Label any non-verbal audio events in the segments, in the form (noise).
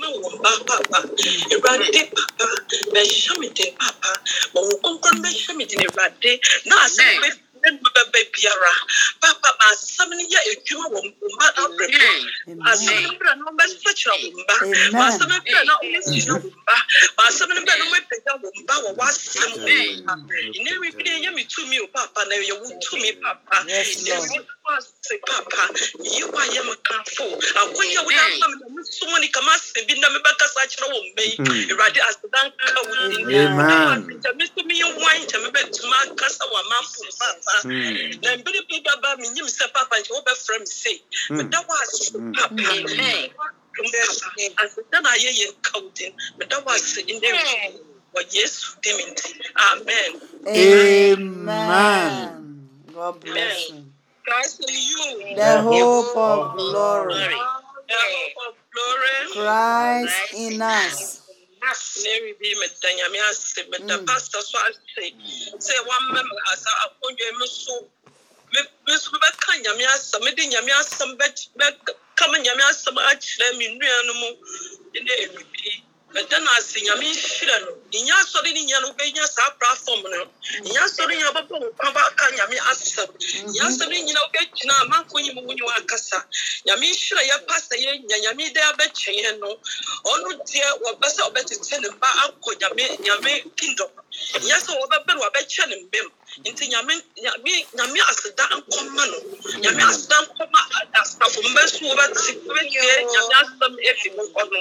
mawɔ ba papa awurade papa bɛhyɛ me den papa ma wo kronkron bɛhyɛ me den awurade na asɛm bɛ n'enu bɛbɛ biara papa ma asɛm no yɛ adwuma wɔ mba abrɛ mu asɛm no bɛrɛ na ɔmɛsɛ kyerɛ wɔ mba ma asɛm no bɛrɛ na ɔmɛsɛ kyerɛ wɔ mba ma asɛm no bɛrɛ na ɔmɛpɛgya wɔ mba wɔ w'asɛm nneɛma bi yɛ mi tumi o papa na yɛ wo tumi papa nneɛma ase papa yi wa yɛ mu kanfo akonya wo yɛ asɛm na musumu ni kama se bi na mebɛkasa kyerɛ mm. wɔ mba yi awurade asedan ka wo din na wa nkyɛn mi so mi yɛ wan nkyɛn mi bɛ tuma kasa wɔ amanfo papa. Hmm. na bi baba mi nyim sɛ papa me hmm. hmm. papa na yesu nti amen amen god bless you Christ you the hope of glory the hope of glory Christ in us na eribi meda nyame ase meda pasta so ase sɛ wammɛ me asa akonnwa mu so me so bɛka nyame asɛm mede nyame asɛm bɛkama nyame asɛm akyerɛ me nnua no mu ne eribi mɛda no ase nyame nhyira no nyɛ asɔre ne nyɛ no wobɛnya saa platform no nyɛ asɔre nyina wobɛbɔ wo kwa baka nyame asɛm nyɛ asɛm no nyina wobɛgyina amanfo yi mu wonyi wakasa nyame nhyira yɛpa sɛ yɛnya nyame dɛ abɛkyɛeɛ no ɔno deɛ wɔbɛ sɛ wɔbɛtete ne ba akɔ nyame nyame kingdom nyɛ sɛ wɔbɛbɛ no wɔbɛkyɛ ne mbem nti nyame nyame nyame aseda nkɔma no nyame aseda nkɔma asafo mbɛ so wɔbɛte wɔbɛtie nyame asɛm efi mu hɔ no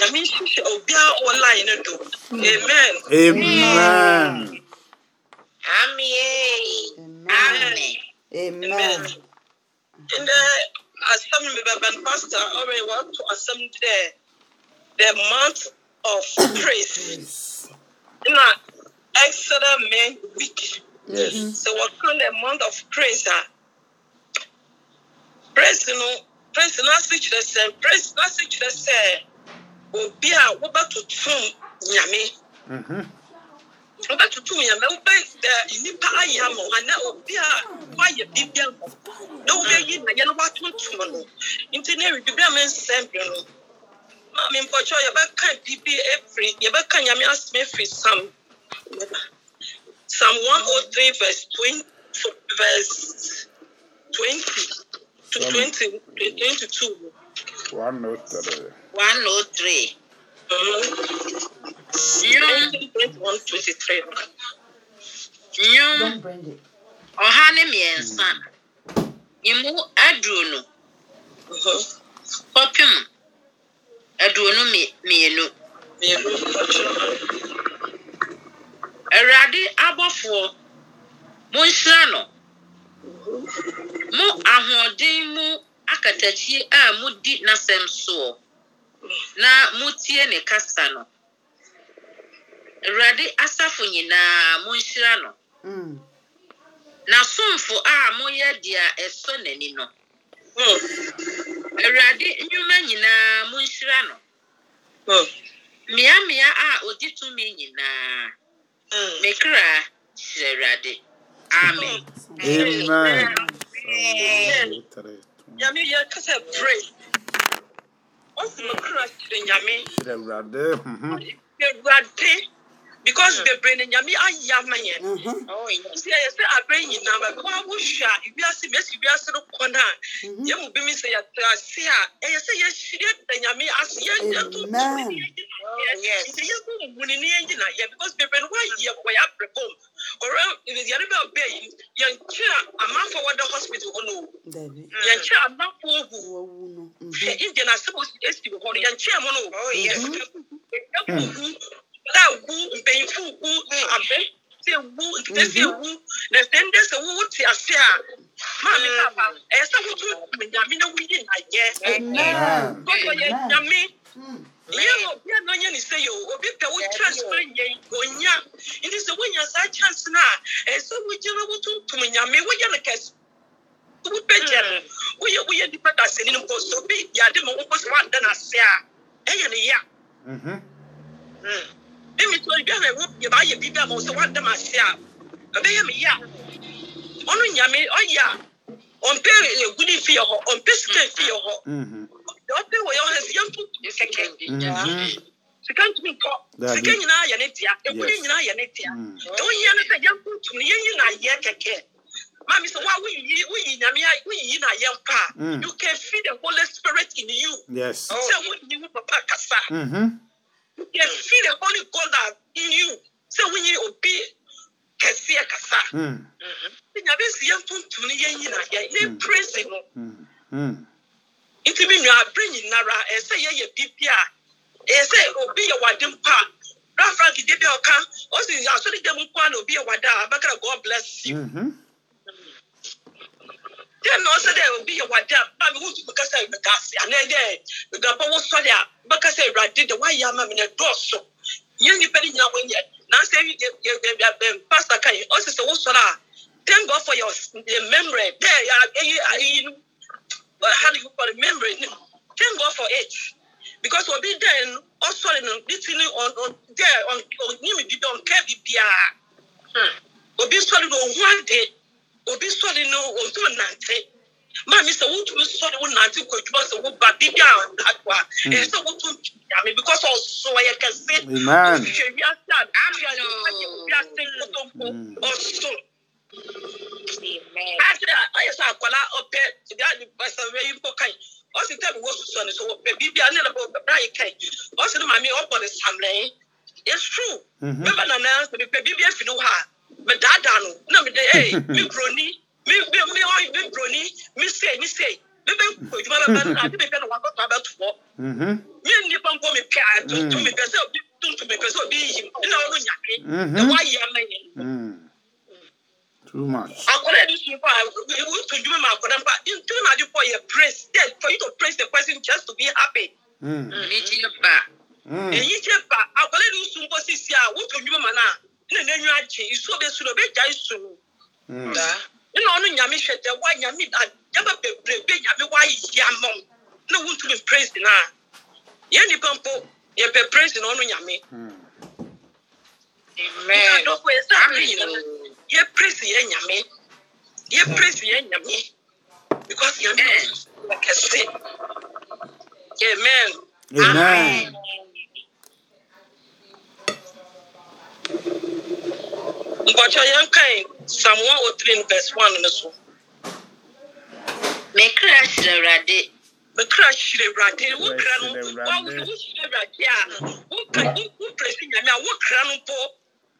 nyame nhyehyɛ obiaa ɔline no do amen amen amen amen ndɛ asɛm no mebɛbɛ the pastor ɔre want to assemble the month of praise na extra man week yes mm-hmm. So what kind of month of praise a ah. praise no praise no ase kyerɛ sɛ praise no ase kyerɛ sɛ obi a wobɛtoto nyame mm-hmm. wobɛtoto nyame wobɛ nnipa ayɛ ama wo anaa obi a woayɛ biribia na wobɛyi nayɛ no woatontom no nti ne awibibia me nsɛmbre no maame mpɔkyɛ yɛbɛka biribi afiri yɛbɛka nyame asɛm afiri sam psalm 103 verse 20 verse 20 to 20 22 103 103. Nyum ne mmiɛnsa emu aduonu uh-huh. kɔpem aduonu mmienu. Awurade abɔfoɔ monhyira no uh-huh. mo ahoɔden mu akatakyi a modi n'asɛm soɔ. na mutie ne kasa no awurade asafo nyinaa monhyira no mm. n'asomfo a moyɛ deɛ ɛsɔ n'ani no mm. awurade nnwuma nyinaa monhyira no mm. mmeammea a ɔdi tumi nyinaa mekra hyerɛ awurade amen Amen. Amen. Amen. Amen. Amen. ɔsom kra kyerɛ nyame kyerɛ awurade awurade because bebree na nyame ayɛ ama yɛn nti ɛyɛ sɛ aberɛ nyinaa ba bɛkɔ wohwɛ a wiase mɛsi wiase no kɔ no a yɛ mu bi mi sɛ yɛtra ase a ɛyɛ sɛ yɛhyire da nyame ase yɛto nti yɛbɔ mmuni ne yɛngyina yɛ because bebree no woayɛ wɔ yɛ abrɛ bom ɔrɛ yɛne bɛ ɔbɛ yi yɛnkyerɛ amanfoɔ wɔda hospital hɔ no yɛnkyerɛ amanfoɔ wu hwɛ indian asɛm esi wɔ hɔ no yɛnkyerɛ mu no ɛkuhu gu mpanyinfo gu abɛnti gu ntɛsi gu na sɛnde sɛ wo te ase a maame papa ɛyɛ sɛ wotu nyame na woyi na yɛ kɔkɔ yɛ nyame yɛ obi a n'onye ne se yɛ o obi pɛ wo chance ma nyɛ onya nti sɛ wonya saa chance na ɛyɛ sɛ wogyina wotuntum nyame woyɛ no kɛse wopɛ gyɛ no woyɛ woyɛ nipa da sɛ ne no kɔ so obi yɛ ade ma wo kɔ so woanda no ase a ɛyɛ no ya ɛmi tó ɛdwahɛ wo yɛ ba yɛ biribi ama wo sɛ wada ma se a ɛbɛyɛ mi yia ɔno nyame ɔyia ɔmpɛ egudi fi yɛ hɔ ɔmpɛ sika fi yɛ hɔ ɔpɛ wɔ yɛ hɔ sɛ yɛn tó sɛkɛ sika ntumi nkɔ sika nyinaa yɛ ne tia egudi nyinaa yɛ ne tia ɛwɔ yia no sɛ yɛn tó tum yɛn yi na yɛ kɛkɛ maami sɛ waa woyiyi woyiyi nyamea woyiyi na yɛn pa mm. you can feel the holy spirit in you sɛ woyiyi wo papa kasa. Mm-hmm. You see the Holy God that in you. Say when you obey kɛseɛ kasa hmm. mhm. nyame si yɛntontom no yɛnyina ne presi no nti me nua aberɛ nyinara ɛɛ sɛ yɛyɛ biribi a ɛɛ sɛ obi yɛ wade mpa ra frank de bi a ɔka ɔsi asɔre dɛm nko a na obi yɛ wade a abakara god bless you mm -hmm. dɛ na ɔsɛ dɛ obi yɛ wade a ba mi wusu bɛkasa ɛmɛka ase anɛ dɛ ɛgbɛnpa wɔ a bɛkasa ɛwurade dɛ wayɛ ama mi na dɔɔso nyɛ nipa ni nyina wɔn yɛ n'asɛ yɛ yɛ yɛ bɛn pastor kan yi ɔsɛ sɛ wɔ a thank god for your your memory dɛ ɛyi ayi nu how do you call memory nu thank god for it because obi dɛ no ɔsɔre no between on on dɛ on on nyimi bi dɛ on kɛ bi biara obi sɔre no ohun ade obi sɔre no ɔnso nante maame sɛ wotumi sɔre wo nante kɔ adwuma sɛ woba biribi a ato a ɛsɛ sɛ woto ntwame because ɔso ɔyɛ kɛse ɔhwɛ wiase a wiase nkoto mpo ɔso ase a ɔyɛ sɛ akɔla ɔpɛ gaadi basawɛ yi mpo kan ɔsi tɛbi wo soso ne so ɔpɛ biribi a ne na bɔ ɔbɛbra yi kan ɔsi ne maame ɔbɔ ne samlɛɛ it's mm-hmm. bɛbɛ nana sɛ bɛbɛ biribi efi ne hɔ me no na me ee (laughs) me broni me me me ɔyi oh, me broni me sei me sei me (laughs) bɛ mhm. nkɔ edwuma bɛ bɛ na adi mi pɛ na wakɔtɔ abɛ to hɔ me nipa nkɔ mi pɛ a tuntum mi pɛ sɛ obi tuntum mi pɛ sɛ obi yi mi na ɔno nyake na mhm. wayɛ ɛmɛ yɛ mhm. too much. yɛ bi sun fa ewu tun jumɛn ma akɔla nfa tun na di fɔ yɛ praise yɛ for you to praise the person just to be happy. Èyí mm, jẹ́ ba. Èyí mm. jẹ́ ba akɔla yɛ bi sun fɔ sisi a wotun jumɛn ma na. Hmm. na n'enyi agye nsuo bɛ su na obɛgya esu no daa ɛna ɔno nyame hwɛ dɛ wa nyame adeɛma bebrebe nyame wa ayi ama wo na praise na yɛn nipa mpo yɛpɛ praise na ɔno nyame amen yɛ praise yɛ nyame yɛ hmm. praise yɛ nyame because nyame yɛ kɛse amen. amen. nkwakye yɛn kan psalm one oh three verse one ne so. mekra hyerɛ awurade mekra hyerɛ awurade wo kra no wo hyerɛ awurade a wo pɛ si nyame a wo kra no mpo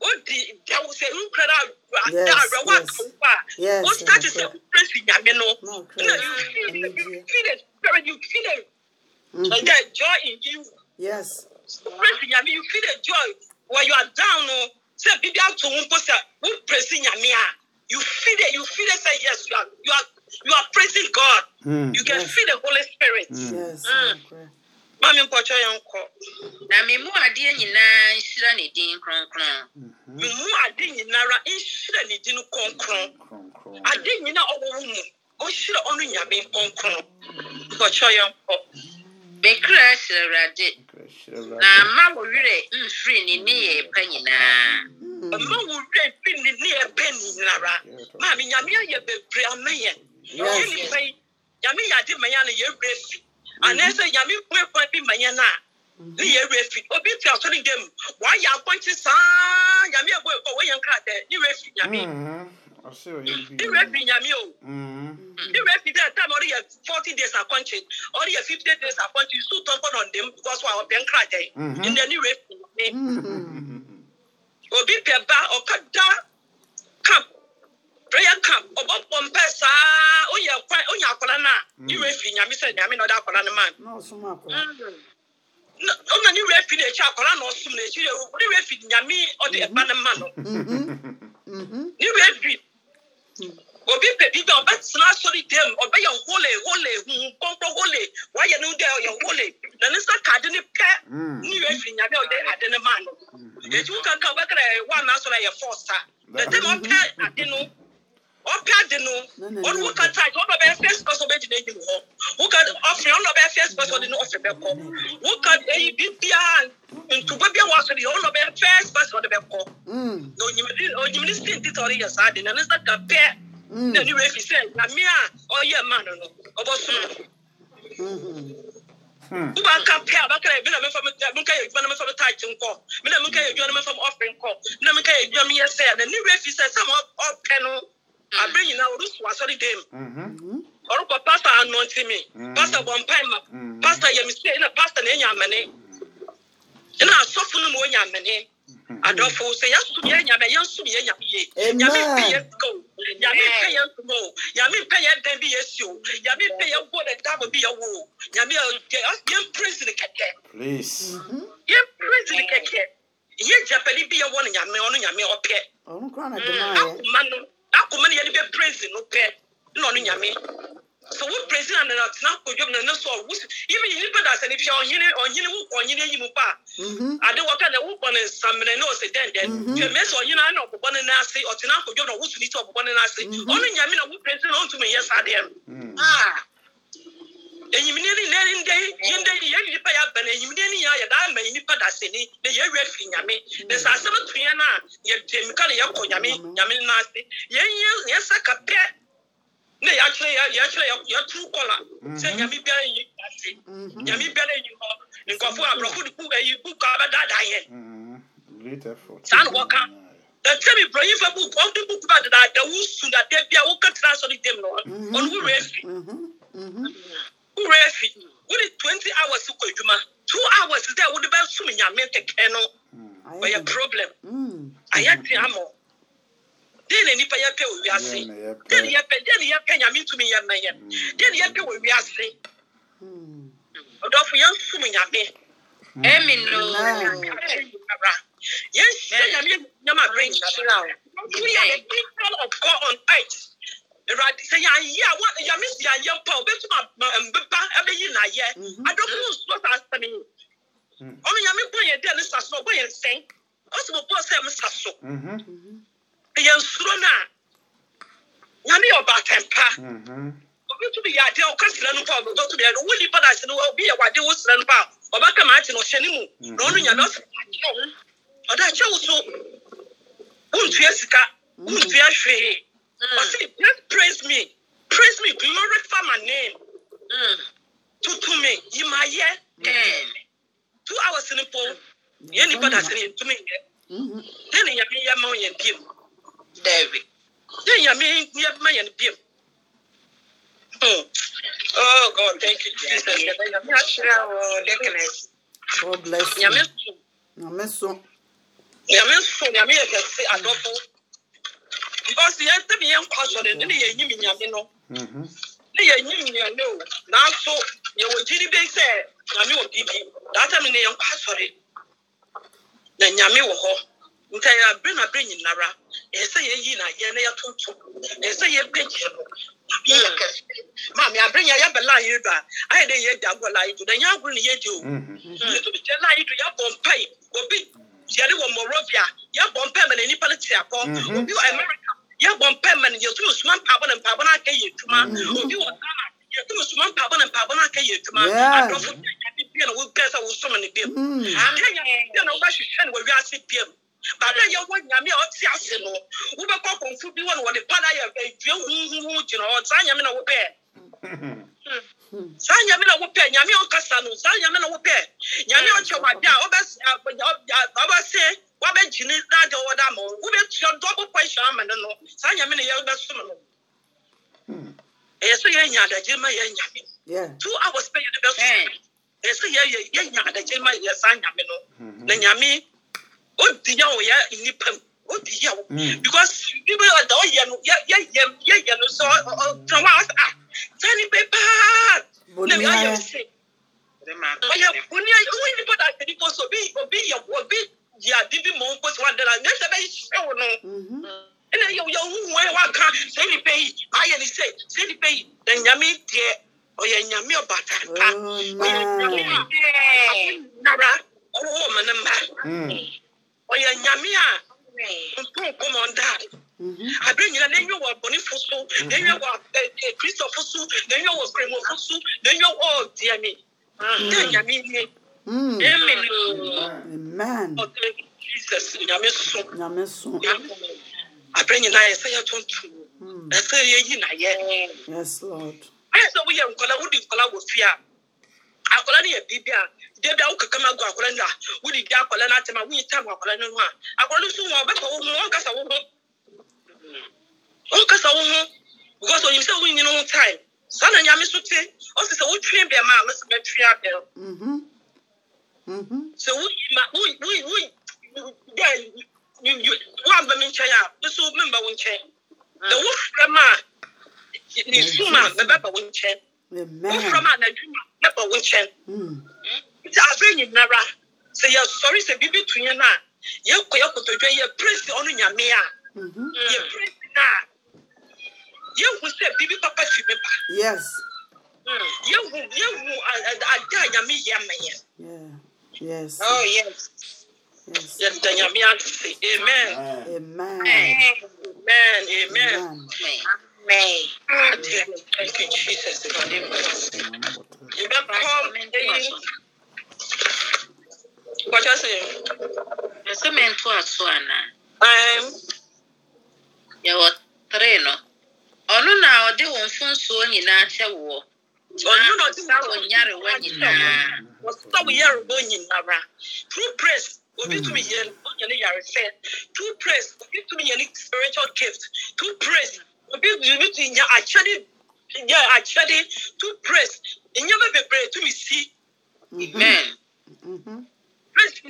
wodi dawo sɛ wo kra no ada awerɛ wo aka wo a wo start sɛ wo pɛ si nyame no na you feel it you feel it spirit you feel it like mm. that joy in you yes pɛ si nyame you feel the joy when you are down no. Oh, sɛ bibi ato wo mpo sɛ woprɛsi nyame a you feel it you feel it say yes you are you are you are praising god mm, you can yes. feel the holy spirit mm. mm. maame mpɔtɔ yɛn kɔ na memu adeɛ nyinaa nhyira ne din kronkron mhm. memu ade nyinara nhyira ne din kronkron ade nyinaa ɔwɔ wo mu ɔnhyira ɔno nyame kronkron mpɔtɔ yɛn kɔ bekra ahyerɛ awurade na ma wo werɛ mfiri ne nneyɛ pa nyinaa hmm. ma wo werɛ mfiri ne nneyɛ pa nyinara maame nyame ayɛ bebree ama yɛn yɛ nipa yi nyame yɛ ade ma yɛn no yɛwerɛ fi hmm. anaasɛ nyame bue kwan bi ma yɛn no a hmm. ne yɛwerɛ fi obi fi asɔre dam waayɛ abɔnkye saa nyame abɔ ɛkɔ wɔyɛ nkrataa ne werɛ fi nyame iwepi nyami o iwepi there time ọrụ yẹ forty days akọnchi ọrụ yẹ fifty days akọnchi so tọpọ nọ ndem because wa ọbẹ nkra jẹ ndẹ ni iwepi nyami obi pẹ ba da camp prayer camp ọbọ pọ saa onye akwa onye akwara na iwepi nyami sẹ nyami na ọdọ akwara ni man ọmọ ni iwepi na ekyi akwara na ọsùn mm-hmm. na ekyi na iwe iwepi nyami ọdọ ẹgba ni man. Mm-hmm. Mm-hmm. Ni iwepi. obi bèbí bẹ ọbẹ tẹná sórí dẹm ọbẹ yẹ wọlé wọlé hun kọkọ wọlé wáyé ni dẹ ọyẹ wọlé nani sẹ kàdé ni pẹ ní yóò fi nyàbẹ ọdẹ adé ni máa nù ètò kankan ọbẹ kẹrẹ wà náà sọrọ ẹyẹ fọọsa dẹdẹ mọ pẹ adé nu ɔpɛ adi no ɔno wuka taage ɔno ɔbɛyɛ first person ɔbɛ gyina enyim hɔ wuka ɔfiri ɔno ɔbɛyɛ first person ɔde no ɔfiri bɛkɔ wuka eyi bibia ntuba bi a wɔasɔ de yɛ ɔno ɔbɛyɛ first person ɔde bɛkɔ mm. na onyimidi onyimidi sin tita ɔde yɛ saa de na ne nsa ka pɛ mm. na ne wura efi sɛ nyame a ɔyɛ mma no no ɔbɔ sum mm-hmm. wúbà nka pẹ́ abakẹ́rẹ́ mi na mi fa mi mi nka yẹ juma mi fa mi taaki nkọ mi na mi nka yẹ juma mi fa mi ọfin nkọ mi na mi nka yẹ juma mi yẹ sẹ́yà na ne wura efi sẹ́ sẹ́ mo ọ pẹ́ no abeyina orusu asɔre dɛm ɔrukɔ pasta anɔnti mi pasta bɔ mpae ma pasta yɛ misɛ ɛna pasta na enya amene ɛna mm-hmm. asɔfo no ma onya amene mm-hmm. adɔfo sɛ yɛsu yɛ nyame yɛnsu yɛ nyame yie nyame mpe yɛ sika o nyame mpe yɛ nsoma o nyame mpe yɛ dan bi yɛ si o nyame mpe yɛ wo ne uh, dabo uh, mm-hmm. bi yɛ wo o nyame yɛn praise ne kɛkɛ yɛn praise ne kɛkɛ yɛn japɛli bi yɛ wɔ ne nyame ɔno nyame mm. ɔpɛ akoma no akoma no yɛde bɛ praise no pɛ na ɔno nyame sɛ wo praise na nana tena kodwom na ne so wo yimi yi nipa da sɛ ne fia ɔhene ɔhene wo ɔhene ayi mu pa mhm. ade wɔka na wo bɔ ne nsamene na ɔsɛ dɛn dɛn fia mɛ mhm. sɛ ɔhene ana ɔbɔbɔ ne n'ase ɔtena kodwom na wo so ne ti ɔbɔbɔ ne n'ase ɔno nyame na wo praise na ɔntum nyɛ saa deɛ no mhm. ah enyimine ni nne nde yi nde yi yɛn nipa yɛ aba na enyimine ni yɛ yɛ da ama nipa da sini na yɛ awia firi nyame na sɛ asɛm tuyɛ na yɛ dɛmika na yɛ kɔ nyame nyame n'ase yɛn yɛ yɛn sɛ kapɛ na yɛakyerɛ yɛ yɛakyerɛ yɛ yɛtu kɔla sɛ nyame biara yi ase nyame biara yi hɔ nkɔfo aborɔfo de ku ɛyi ku kɔ abɛdaadaa yɛ saa na wɔka ɛtɛ mi brɔnyi fɛ buku ɔmu de buku ba dada wusu dada bia wɔkɛtena asɔre dɛm na ɔno wɔn wura efi wura efi wode twenty hours kɔ adwuma two hours dɛ wode bɛsom nyame kɛkɛ no ɔyɛ problem ayɛ te ama dɛn na nipa yɛpɛ wɔ wiase dɛn na yɛpɛ dɛn na yɛpɛ nyame tumi yɛ mɛyɛ dɛn na yɛpɛ wɔ wiase ɔdɔfo yɛnsom nyame ɛmi no yɛnhyɛ nyame nyama berɛ nyinaa who are the people of God on earth awurade sɛ yɛayɛ a wa yame si ayɛ mpa ma mbeba ɛbɛyi n'ayɛ mhm. adɔfo nsuo saa asɛm mm. ɔno ya bɔ yɛ dɛ ne sa ɔbɔ mhm. yɛ nsɛn ɔsɛ ɔbɔ sɛ mo ya so yɛ adeɛ ɔka sira no pa yɛ wo nipa na ya no obi yɛ wade wo sira no pa na ɔhyɛ ne mu mhm. na ɔno ɔda akyɛw so sika hwee Mm. But see, just praise me. Praise me. Glorify my name. Mm. to me. Yimaye. Mm. mm. Two hours in the pool. Yẹn nípa dà sí ni tú mi yẹ. Dẹ́ni ìyàmí yẹ máa yẹn bíyẹn. Dẹ́bi. Dẹ́ni ìyàmí yẹ máa yẹn bíyẹn. Oh God, thank you, Jesus. God bless you. Nyame so. Nyame so. Nyame yẹ kẹsí adọ́fo. because yɛsɛ mi yɛ nkɔ asɔre ne nyame no ne nyame o gyiri sɛ nyame wɔ mi ne asɔre na nyame wɔ hɔ nka yɛ na abere nyinara na yɛ na yɛtonto yɛsɛ yɛpɛgye no yɛ kɛse maame abere nyɛ yɛbɛ line yi do a ayɛ dɛ yɛdi agorɔ line do na nyɛ agorɔ ne yɛdi o yɛtumi kyɛ do obi wɔ mɔrɔbia na nipa akɔ obi wɔ yɛbɔ mpɛmɛ no yɛtum soma mpaabɔ ne mpaabɔ no yɛ adwuma mm-hmm. obi wɔ ghana yɛtum soma mpaabɔ ne mpaabɔ no yɛ adwuma adɔfo bia na wopɛ sɛ wosom mm. ne biam kenya bia na wobɛhwehwɛ ne wawiase biam baabi a yɛwɔ nyame a ɔte ase no wobɛkɔ kɔmfo bi wɔ no wɔde pada yɛ adua eh, huhuhu gyina hɔ saa nyame na wopɛɛ (laughs) saa nyame na wopɛ nyame ɔkasa no saa nyame na wopɛ nyame ɔkyɛ wade a ɔbɛse wabɛgyine na ade ɔwɔ da ma wo ama no saa nyame ne yɛbɛsom no hmm. ɛyɛ sɛ yɛanya adagye ma yɛanya me two hours pɛ yɛde bɛsom ɛyɛ sɛ yɛnya adagye ma yɛ saa nyame no hmm. na nyame odi yɛ wo yɛ nnipa mu odi yɛ wo because bibi ɔda ɔyɛ no yɛyɛ yɛyɛ no sɛ ɔtɔn wa ɔsɛ ah saa bɛ paa na mi ayɛ se ɔyɛ oni ayi ɔwɔ nipa da atani kɔ so obi obi yɛ obi yɛ adi bi mɔ nkosi wa dara nyɛ sɛ bɛ hyɛ wo no. Mm-hmm. Mm ɛna yɛ yɛ huhu ɛ waka sɛ nipa yi ayɛ ni sɛ sɛ nipa yi na nyame deɛ ɔyɛ nyame ɔbatanta ɔyɛ nyame a nara ɔwɔ mu hmm. mm-hmm. ne mma ɔyɛ nyame a ntɔnkɔmɔ ndaare abiri nyina n'enyo wɔ abɔnifo so n'enyo wɔ ɛɛ kristofo so n'enyo wɔ kremofo so n'enyo wɔ diɛmi ne mm-hmm. e, e, mm-hmm. nyame nye mm. amen amen ɔtɛ jesus nyame so nyame so abere nyinaa yɛ sɛ yɛ tuntum ɛsɛ yɛ yi na yɛ ayɛ sɛ woyɛ nkɔla wodi nkɔla wɔ fie akɔla no yɛ biribi a debi a wokaka ma gu akɔla no a wodi di akɔla no atɛm a woyi tam akɔla no ho a akɔla no so wɔ ɔbɛka wo ho ɔnkasa wo ho ɔnkasa wo ho because onyim sɛ wonyini ho time saa na nyame so te ɔsi sɛ wotwe bɛm a mɛsɛ bɛtwe abɛm sɛ woyi ma woyi woyi woyi woamba me nkyɛn a me so memba wo nkyɛn na wofrɛ m a ne sum mebɛba wo nkyɛn wofrɛ m a nadwuma mɛba wo nkyɛn nti aberɛ nyinara sɛ yɛsɔre sɛ biribi to yɛn a yɛkɔ yɛkotodwa yɛ ɔno nyame a yɛ no a yɛhu sɛ biribi papa fi me ba yɛhu yɛhu ade a nyame yɛ ma yes oh yes yes mi ase. Amen. Amen. Amen. Amen. Amen. Thank you, Jesus. no. na ɔde wɔn mfonsuo na nyarewa nyinaa. yarewa nyinaa. praise. obitumi yɛ ɔnyɛne yaresɛ two praise obitumi yɛ ne spiritual gift two praise obitumi nya akyɛde nya akyɛde two praise nyɛma bebree tumi si amen.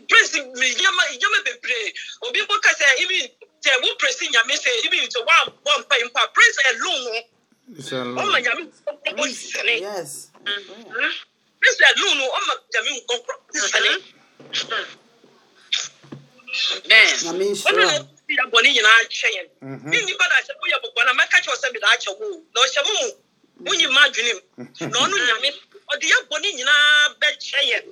praise nyɛma nyɛma bebree obi bɔ kasa ibi tɛ wo praise nyame sɛ ibi tɛ wa bɔ mpa mpa praise alone o ɔma nyame nkɔkɔ sɛnɛ praise alone o ɔma nyame nkɔkɔ sɛnɛ bɛn yɛ bɔne nyinaa kyɛ yɛn ne nnipa da ahyɛ woyɛ bɔbɔ na mɛka kyɛw sɛ meda akyɛ wo na ɔhyɛ mo mu wonyi ma adwene mu na ɔno nyame ɔde yɛ bɔne nyinaa bɛkyɛ yɛn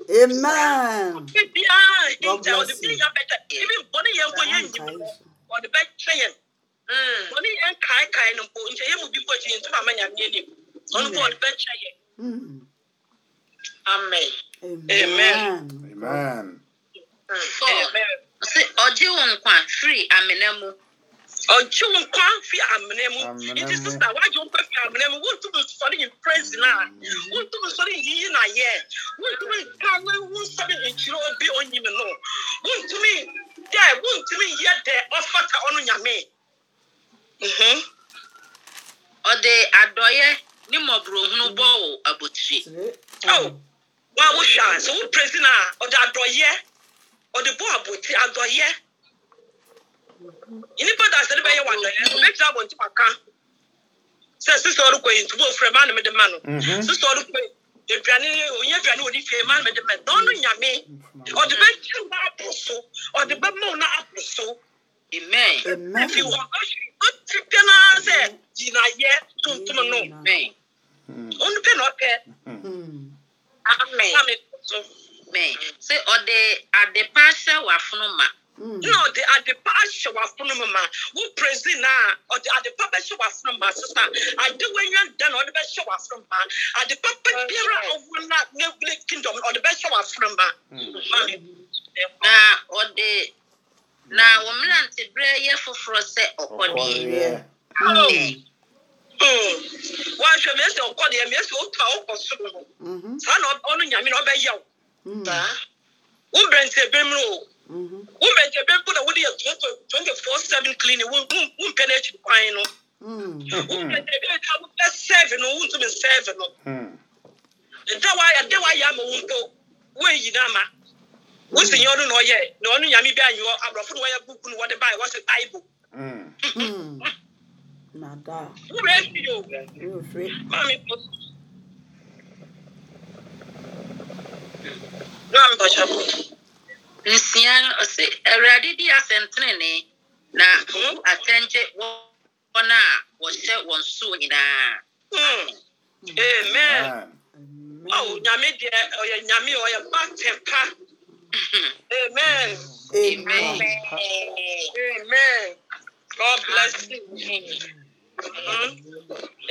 bibiaa hinta ɔde bi nya bɛkyɛ ebi bɔne yɛn mpo yɛ nyim ɔde bɛkyɛ yɛn bɔne yɛn kaekae no mpo nkyɛ yɛ mu bi kɔ akyi ntoma ma nyame anim ɔno mpo ɔde bɛkyɛ yɛn amen amen amen, amen. amen. amen wo nkwa firi amena mu ɔgye wo nkwa fi amena mu nti sista wagye wo nkwa fi amena mu wontum nsɔre yi praise na wontum nsɔre yiyi na yɛ wontum nka wonsɔre nkyerɛ obi onyim no wontumi dɛ wontumi yɛ dɛ ɔfata ɔno nyame mhm. ɔde adɔyɛ ne mmɔborɔhunu bɔ wo abotire wa wohwɛ a sɛ wo praise na ɔde adɔyɛ ɔde bɔ abotire adɔyɛ nnipa da asɛre bɛyɛ wadɔyɛ no bɛtiri abɔnti paka sɛ sisɛ ɔrekɔ yi ntubo ofurɛ maa na mede ma no mhm. sisɛ ɔrekɔ yi aduane onye aduane wɔde fie maa na mede ma dɔn no nyame ɔde bɛtiri na aboro so ɔde bɛma wo na aboro so amen afi wɔ ɔhwɛ ɔte pɛ na sɛ gyinayɛ tuntum no amen mhm. ɔno pɛ na ɔpɛ mhm. amen amen sɛ ɔde ade pa sɛ wafono ma na ɔde adepa ahyɛ w'afono mu ma wo presi na ɔde adepa bɛhyɛ w'afono ma sisan ade w'enyiwa da na ɔde bɛhyɛ w'afono ma adepa biara ɔwɔ na ne ne kingdom ɔde bɛhyɛ w'afono ma. na ɔde na wɔn mmerante berɛ yɛ foforɔ sɛ ɔkɔdeɛ. wahwɛ mmiɛnsa ɔkɔdeɛ mmiɛnsa otu a ɔkɔ soro no saa na ɔno nyame na ɔbɛyɛ wo wo mmerante ebinom o. womɛgya bɛmpo na wode yɛ 24/7 clinic wompɛ no akyi mm. kwan no womɛgya bɛda wopɛ serve no mm. wontumi serve no ɛda wayɛ wayɛ ama wo mpo woayi no ama wosi nyɛ ɔno na ɔyɛ na ɔno nyame bi anyɛ aborɔfo na wɔyɛ buku no wɔde bae wɔsɛ bible wowɛ afiri o maame po maame pɔkyɛ nsia sị awurade di asɛntenene na wɔn atɛngye wɔn a wɔhyɛ wɔn so nyinaa. amen. ɔwɔ nyame deɛ ɔyɛ nyame ɔyɛ batɛka. amen. amen. amen. god bless you.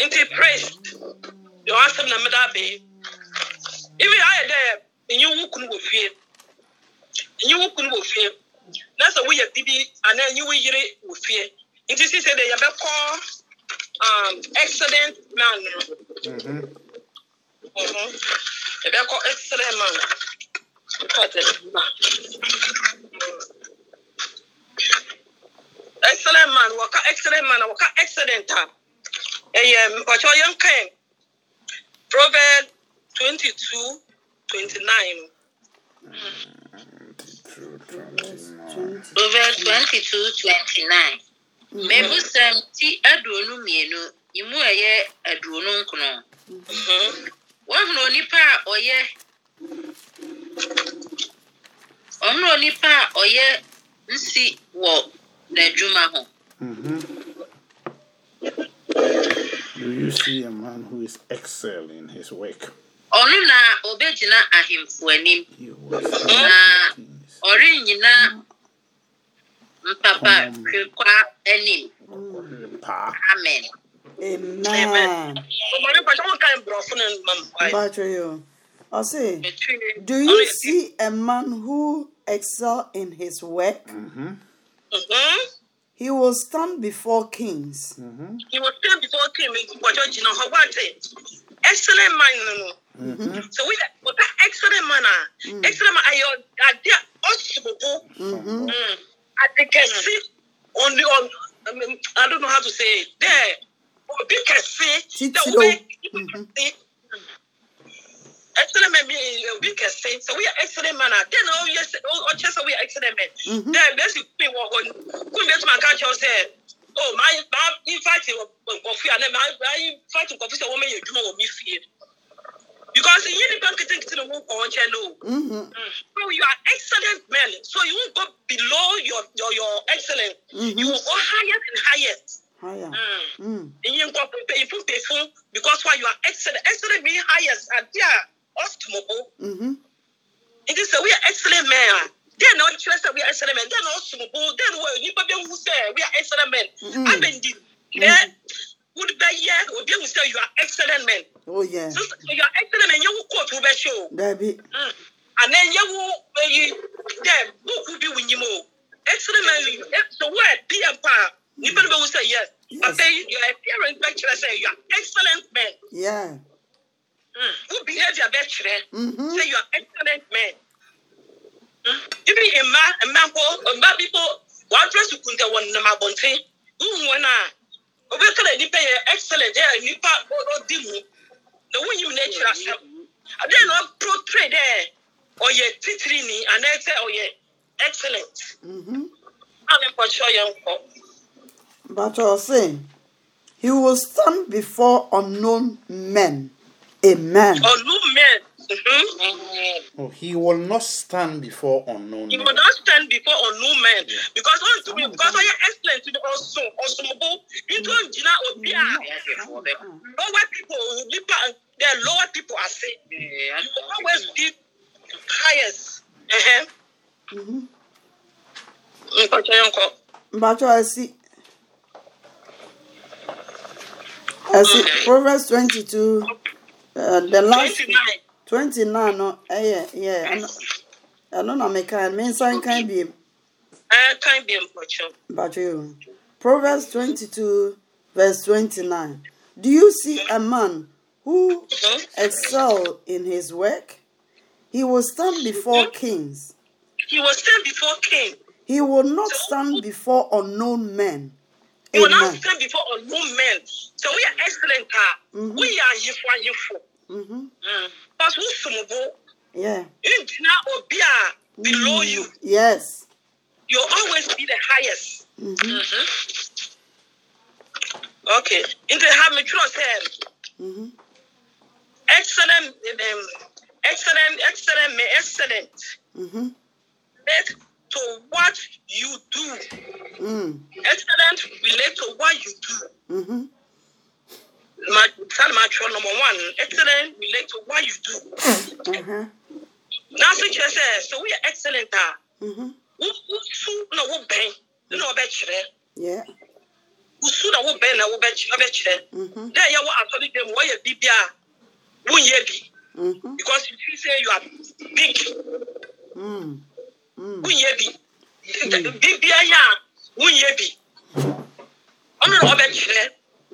nti praise yɛ wɔn asɛm na mmeda abɛɛ. ibi ayɛ dɛ nyi wu kunu wɔ fie. nyi wo kunu wɔ fie na sɛ woyɛ bibi anaa nyi wo yere wɔ fie nti sisi de yɛbɛkɔ um, excellent man no mhm. Mhm. yɛbɛkɔ excellent man excellent man wɔka excellent man wɔka excellent a ɛyɛ mpɔkyɛ yɛnka yɛn proverb twenty two twenty nine. Proverbs 22:29 mebusam ti aduonu mmienu mm-hmm. onipa mm-hmm. a nsi wɔ n'adwuma ho. Do na obegyina ahemfo anim ɔre nyinaa mpapa kwekwa anim amen Amen. Ose, do you see a man who excel in his work? Mm-hmm. Mm-hmm. He will stand before kings. Mm-hmm. He will stand before kings excellent man no no mm-hmm. oh, that woyɛ wɔka excellent man a ah. mm. excellent man ayɛ ade a ɔsi bobo mm-hmm. mm. ade kɛse on the um, on um, i don't know how to say it there obi kɛse dɛ the way. Mm-hmm. excellent man mean obi So we are excellent man a den na ɔyɛ ɔkyɛ we are excellent man There, bɛsi kun wɔ hɔ kun bɛ tuma ka kyɛw sɛ o máa máa invite nǹkan fún yàrá máa máa invite nǹkan fún sọ wọ́n mẹ́yìn ojúmọ́ wọ́n mi fi é because ìyẹn ní pẹ́ẹ́n kìtìkì tí wọ́n kọ́ ọ́n no. so you are excellent men so you won't go below your your your excellent. Mm-hmm. you will go higher and higher. ìyẹn nǹkan fún pè fún pè because why you are excellent excellent mean highest and there, are us tomorrow. Mm-hmm. it is a we are excellent men then na ɔkyerɛ sɛ we are excellent men then na ɔsom bo then wɔ nipa bɛ hu sɛ we are excellent men abɛndi ɛ wodi bɛyɛ obi ehu sɛ you are excellent men oh yeah so you are excellent men nye wo coat wo bɛ hyɛ o dabi ana nye wo eyi dɛ buku bi wo nyim o excellent men the word pm pa nipa bɛ hu sɛ yes afei your appearance bɛ kyerɛ sɛ you are excellent men yeah wo behaviour bɛ kyerɛ sɛ you are excellent men ebi mma mma mpo mma bi mpo wadura sukunta wɔ nam abɔnten huhu wɔn a obekara nipa yɛ excellent yɛ nipa ɔdi mu na wonyim n'akyir asɛm adeɛ na ɔprotre dɛ ɔyɛ titiri ni anaa sɛ ɔyɛ excellent mm-hmm. a ne mpɔkyerɛ yɛ nkɔ. But I was saying, he will stand before unknown men. Amen. Unknown men. Mm-hmm. Oh, he will not stand before unknown He will not stand before unknown men. Because all to me, because I explained to the also, also, into mm. Jina Obia, mm. lower people, their lower people are saying, you always be highest. Uh-huh. Mm-hmm. But I see. I see. Proverbs 22, uh, the last. 29 twenty nine no ɛyɛ yɛ ɛno ɛno na meka me nsan kan biem. kan eh, biem bàtjọ. bàtjọ yòó proverbs twenty two verse twenty nine do you see a man who mm-hmm. excel in his work he will stand before mm-hmm. kings. he will stand before kings. He will not stand before unknown men. He will not stand before unknown men. So we are excellent. Ah. Mm-hmm. We are you for you for. Mm-hmm. Mm. Because who sumobo? Yeah. In dinner or beer below mm. you. Yes. You'll always be the highest. Mm-hmm. Mm-hmm. Okay. In the habitual term. Excellent, um, excellent, excellent, excellent. Mm-hmm. Let to what you do. Mm. Excellent relate to what you do. Mm-hmm my telemetry number one excellent relate to what you do. Uh-huh. Now, n'aso kyerɛ so we are excellent no, a wosu na wobɛn na wobɛkyerɛ wosu na wobɛn na wobɛkyerɛ dɛ yɛwɔ asɔre dwa mu wɔyɛ biribi a wonyɛ bi because if you say you are big wonyɛ bi biribiara yɛ a wonyɛ bi ɔno na wobɛkyerɛ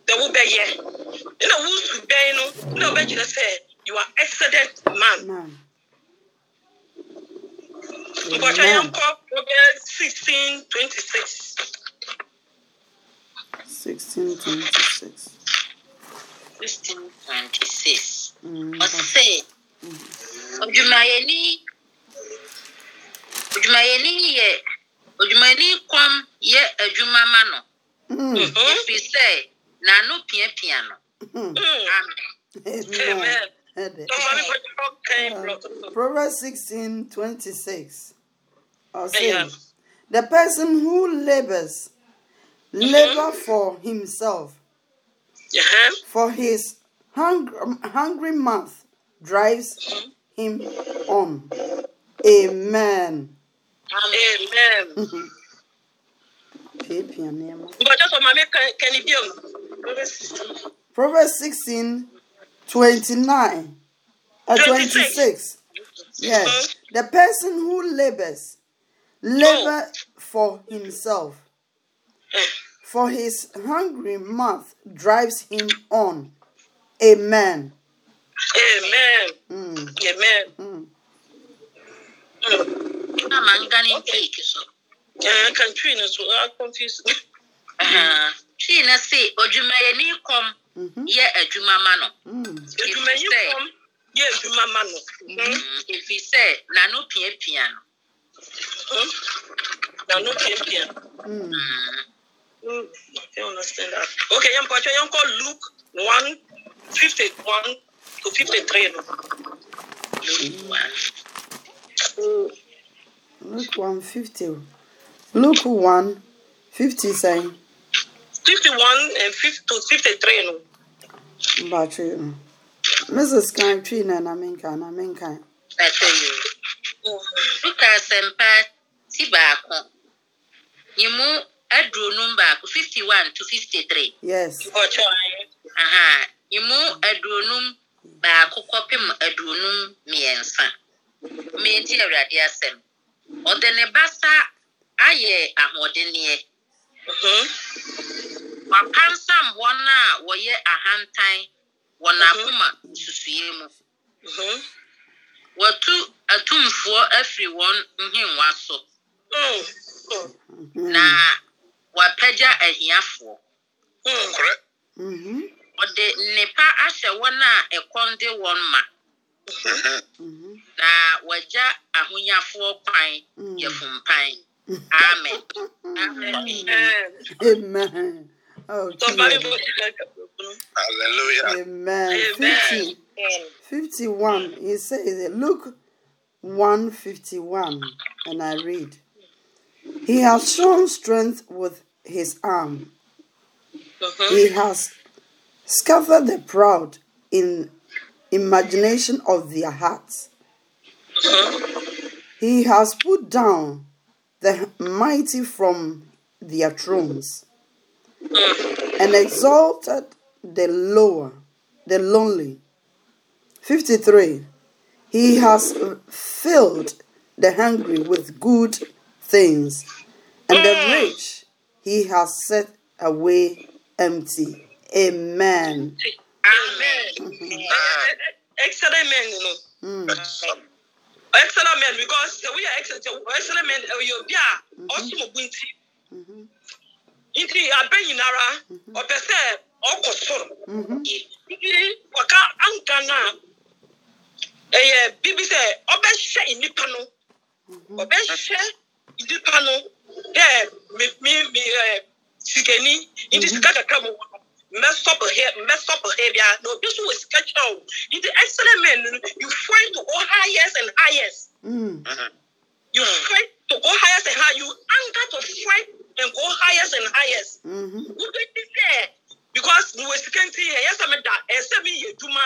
the ye? You wobɛyɛ na wosu bɛn no na wobɛgyerɛ say you are excellent man nkɔkyɛ yɛnkɔ proverbs sixteen twenty six. sixteen twenty six. sixteen twenty six. ɔsɛ mm. mm. odwumayɛni odwumayɛni yɛ odwumayɛni kɔm yɛ adwuma ma mm. mm-hmm. If efiri say. na ano piapia no hmm. Hmm. amen amen uh, Proverbs 16 26. i The person who labors, mm-hmm. labor for himself, yeah. Uh-huh. for his hung- hungry mouth drives mm-hmm. him on. Amen. Amen. Amen. (laughs) Proverbs 16 29 uh, 26. Yes. Uh-huh. The person who labors, labor oh. for himself. Uh. For his hungry mouth drives him on. Amen. Amen. Mm. Amen. Mm. Mm. Okay. Uh, I'm confused. Uh-huh. kii na se odwumayɛni mhm. mm. kɔm yɛ adwuma ma no edwumayɛni kɔm yɛ adwuma ma no efi sɛ n'ano piapia no mhm. n'ano piapia mm. Mm-hmm. Mm, okay yɛn mpɔtɔ yɛn kɔ luke one fifty one to fifty three no. Luke one fifty. Luke one fifty sign. 51 and 50 to 53 no batwe mm. mrs kantwi na na menka na menka batwe luka sempa You baako nyimu aduonum baako 51 to 53 yes ọjọ aha nyimu aduonum baako kɔpem aduonum mmiɛnsa mmenti awurade asɛm ɔde ne basa ayɛ ahoɔdenneɛ Mm-hmm. wapansam wọn a wɔyɛ ahantan wọn mm-hmm. akoma susue mu mm-hmm. wɔtu atumfoɔ afiri wɔn nhengua so na wapagya ahiafoɔ wɔde nnipa ahyɛ wɔn a ɛkɔm de wɔn ma na wagya ahonyafoɔ kwan mm. yɛ fompan Amen. Amen. Amen. Oh, Hallelujah. Amen. Amen. 50, 51. He says, Luke 151. And I read, He has shown strength with his arm. Uh-huh. He has scattered the proud in imagination of their hearts. Uh-huh. He has put down the mighty from their thrones and exalted the lower, the lonely. 53. He has filled the hungry with good things, and the rich he has set away empty. Amen. Amen. Mm-hmm. Excellent. Mm. excellent men because uh, we are excellent uh, Excellent men uh, you also obi a ɔsom obu nti nti abɛ nyinara ɔpɛ sɛ ɔkɔ soro nti wɔka anka no a ɛyɛ biribi sɛ ɔbɛhyɛ nnipa no ɔbɛhyɛ nnipa no dɛ me me me ɛɛ sikani nti sika kakra mo mɛsɔpɔ hɛ mɛsɔpɔ hɛ bia na No, this wɔ sika kyerɛ o you dey excellent men you fight to go highest and highest. Mm. Mm-hmm. you mm. fight to go highest and high you anger to fight and go highest and highest. wo bɛ ti sɛ because we can see, nti yɛ yɛ sɛ mi da ɛsɛ mi juma.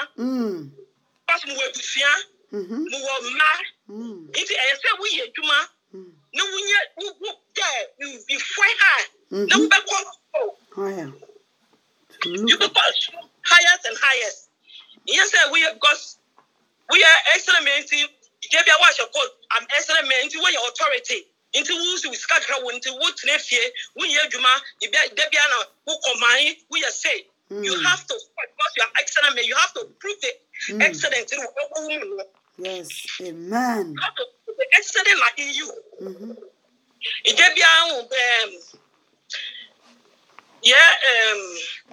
because we wɔ ebusua. Mm-hmm. We wɔ mad. Mm. If ɛyɛ sɛ wo yɛ juma. no wo nyɛ wo you eh, you mm. fight hard. na wo bɛ kɔ. You could call highest and highest. Yes, sir, we because we are excellent. Give your wash your coat. I'm excellent. When your authority nti wusu sikakra wo nti wotena fie wonyɛ adwuma dabia na wokɔman woyɛ se you have to fight because you are excellent man you have to prove the mm. excellent in wo wo mu no yes amen you have to prove the excellent like in you mm -hmm. dabia wo um, yɛ ɛɛm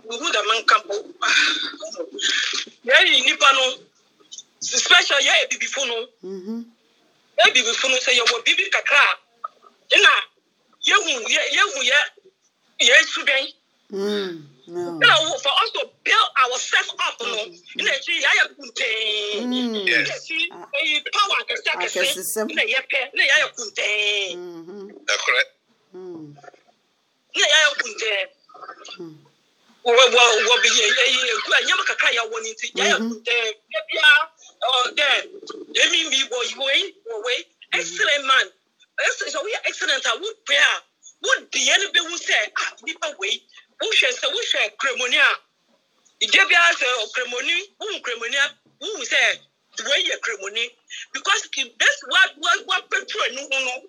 bubu dama nkampo yɛyi nipa no special yɛ ebibifo no mm-hmm. yɛ ebibifo no sɛ yɛwɔ bibi kakra ɛna yɛhu yɛ yɛhu yɛ yɛ esu bɛn ɛna mm, wo for us to build ourselves up no ɛna mm-hmm. ekyi yɛayɛ kuntɛɛn ɛna mm. ekyi ɛyi e, power akɛse akɛse ɛna yɛ pɛ ɛna yɛayɛ kuntɛɛn ɛkorɛ ɛna yɛayɛ kuntɛɛn wɔ wɔ wɔ bi yɛ ɛyi eku a e, nyɛma kaka yɛ wɔ ne ti yɛ dɛ dɛbia ɔ dɛ emi mi wɔ wei wɔ wei mhm. excellent man ɛsɛ sɛ woyɛ excellent a ah, wo pɛ a ah, wo deɛ no bɛ wu sɛ a ah, nipa wei wohwɛ sɛ wohwɛ kremoni a dɛbia sɛ oh, kremoni wohu kremoni a wohu sɛ wei yɛ kremoni because that's what what what petro ne ho no.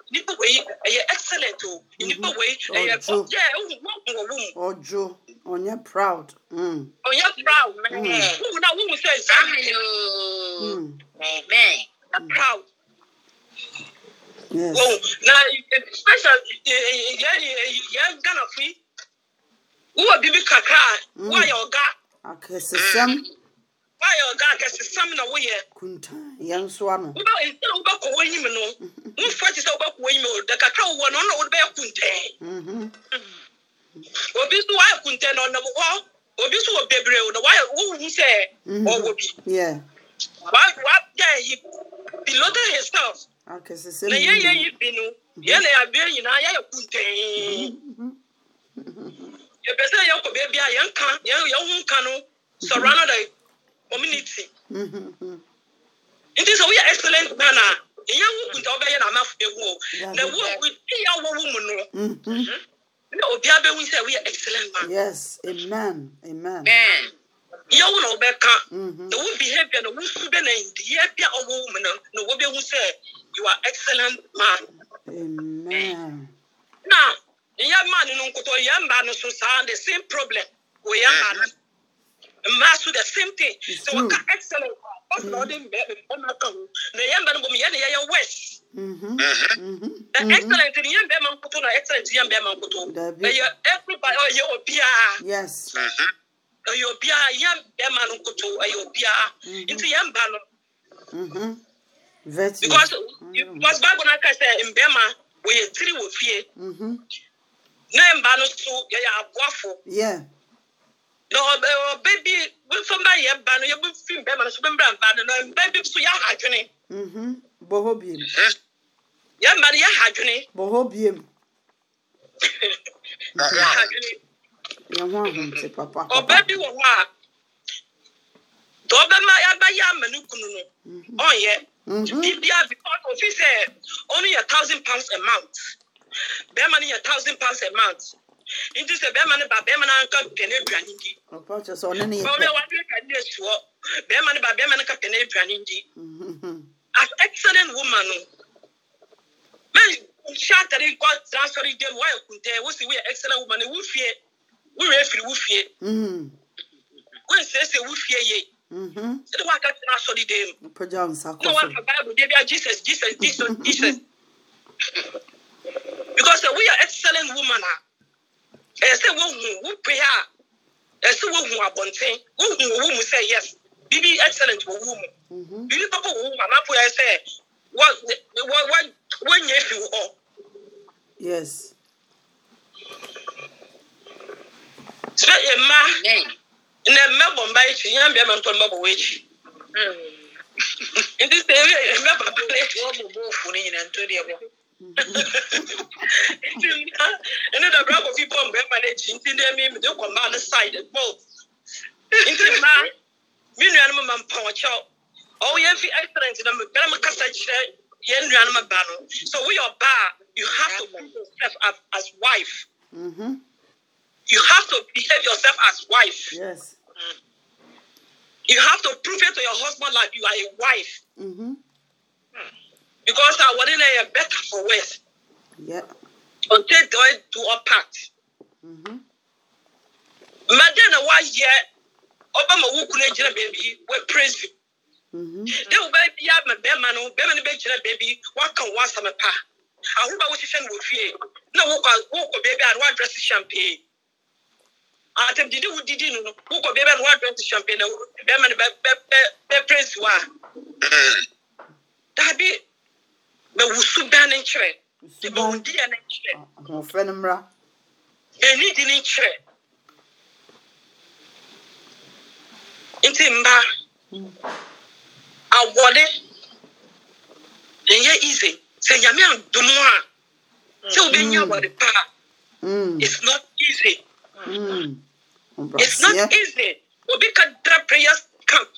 nípa wei ɛyɛ excellent o mhm. nípa wei ɛyɛ yɛ ohun wọn kun wọ wọn. ọjọ ọnyẹ proud. ọnyẹ mm. proud mẹẹ ohun mm. náà wọn sẹ zamani ooo mẹẹ mm. na proud. Yes. Oh, na special yɛ yɛ Ghana fi wo wɔ bibi kakra wo ayɛ ɔga. akɛsɛsɛm. Okay, wayɛ ɔga akɛse sam na woyɛ wobɛkɔ w'anyim no mhm. womfa sɛ wobɛkɔ w'anyim wowɔ no ɔna wode bɛyɛ kuntɛn mhm. obi so kuntɛn na ɔnam hɔ obi so wɔ bebree na wayɛ wowu sɛ mhm. ɔwɔ bi wayɛ yi piloted na yɛyɛ yi bi no yɛna nyinaa yɛyɛ kuntɛn yɛpɛ sɛ yɛkɔ baabi a yɛnka yɛho nka no surrounded community mm-hmm. nti sɛ woyɛ excellent man a ɛyɛ wo ku nta wobɛyɛ no amafo o na wo ti yɛ wowo mu no mm-hmm. mhm. na obia bɛhu sɛ woyɛ excellent man yes amen amen yɛ wo na wobɛka mm-hmm. na wo behavior na wo su bɛ na ndiɛ bia ɔwowo mu no na wobɛhu sɛ you are excellent man amen na yɛ man no nkotɔ yɛ mba no so saa the same problem wɔ yɛ mba no mmaa the same thing sɛ wɔka excellent ɔsena ɔde mbɛma ka ho na ɛyɛ mba no bom yɛne yɛyɛ wes na excellent no yɛ mbɛma nkoto na excellent yɛ mbɛma nkoto ɛyɛ everybody ɔyɛ obiaa ɛyɛ obiaa yɛ mbɛma no nkoto ɛyɛ obiaa nti yɛ mba no because because bible na ka sɛ mbɛma wɔyɛ tiri wɔ fie na mba no so yɛyɛ aboafo yeah na ɔbɛ bi fɛn bá yɛ ba no yɛ bi fi bɛɛ ma no so bɛ mbira ba no na yeah, bi so yɛ ahadwene. bɔ hɔ biem. yɛ mba no yɛ ahadwene. bɔ hɔ biem. yɛ ahadwene. yɛ ho ahomte papa. ɔbɛ bi wɔ hɔ a tɔ ɔbɛ ma yaba yɛ ama ne kunu no mm-hmm. ɔnyɛ. Mm-hmm. bibia because ofi sɛ eh, ɔno yɛ thousand pounds a month bɛɛ ma no thousand pounds a month nti sɛ bɛrima no ba bɛrima no anka pɛne aduane ndi ɔne wade aduane asuɔ bɛrima no ba bɛrima no ka pɛne aduane ndi mhm. as excellent woman no mɛ nhyɛ atare kɔ tena sɔre gyam woayɛ kuntɛ wo si woyɛ excellent woman no wo fie wowerɛ afiri wo fie mhm. woɛsiesie wo fie yie mhm. sɛde woaka tena sɔre dam na woaka bible deɛ bia jesus jesus jesus (laughs) jesus because we are excellent woman a ɛsɛ wohu wo pe a ɛsɛ wohu abɔnten wohu wo mu sɛ yes biribi excellent wɔ wo mu mm-hmm. biribi papa wɔ wo mu anapo yɛ sɛ woanya fi wo hɔ yes sɛ ɛma e na mmɛbɔ mba akyi yɛ mbea mɛmpɔ mmɛbɔ wɔ akyi nti sɛ ɛmɛ papa ne ɛbɔ bɔɔfo no nyina ntɔ deɛ bɔ ɛne da bra kɔfi bɔ mbɛma no akyi nti dɛ me mede kɔ mmaa no side both nti ma me nuanom ma mpɔnkyɛw ɔwoyɛ fi excellent na mebɛra mekasa kyerɛ yɛn no ba no so woyɛ ɔbaa you have to prove yourself as, as wife mm -hmm. you have to behave yourself as wife yes. you have to prove it to your husband like you are a wife mm -hmm because our wedding day is better for west. ọ̀tẹ̀ dọ̀ ẹ́ do all part. mmadu na wayɛ ɔba ma wo kunu gyina baby. wɔ mm-hmm. oh, praise you. him. dɛ wo bɛ bia man bɛrima no bɛrima no bɛ gyina baabi waka wɔn asɛm pa ahodoɔ a wɔhyehyɛ no wɔ fie na wokɔ wokɔ baabi a wadrɛse champagne atam didi did didi no no wokɔ baabi a na dress champagne na bɛrima no bɛ bɛ bɛ praise wa. dabi bɛwusu bɛn ne nkyerɛ bɛwudiɛ ne nkyerɛ ahoɔfɛ ah, no mmra enidi ne nkyerɛ nti mba awɔde ɛnyɛ easy sɛ nyame adomu a sɛ wobɛnya mm. awɔde paa mm. it's not easy mm. it's not easy obi ka dra prayers camp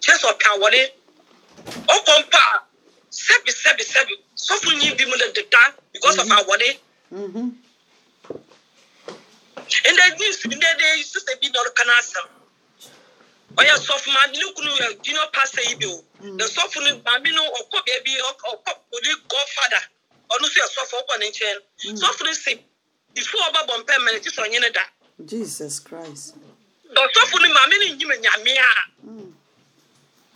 kyerɛ sɛ ɔpɛ awɔde ɔkɔ mpa sɛbi sɛbi sɛbi sɔfo nyi bi mu deda because of awɔde ndɛ di ndɛ de sisa bi na ɔka n'asɛm ɔyɛ sɔfo maa mi ne kunu yɛ junior pastor yi bi o na sɔfo no mm-hmm. maame no ɔkɔ beebi ɔkɔ ɔdi godfada ɔno nso yɛ sɔfo ɔkɔ ne nkyɛn sɔfo no si ifu ɔba bɔ mpɛ mɛ ne ti sɔ nye ne da jesus christ ɔsɔfo no maame ah. mm. no nyim nyamea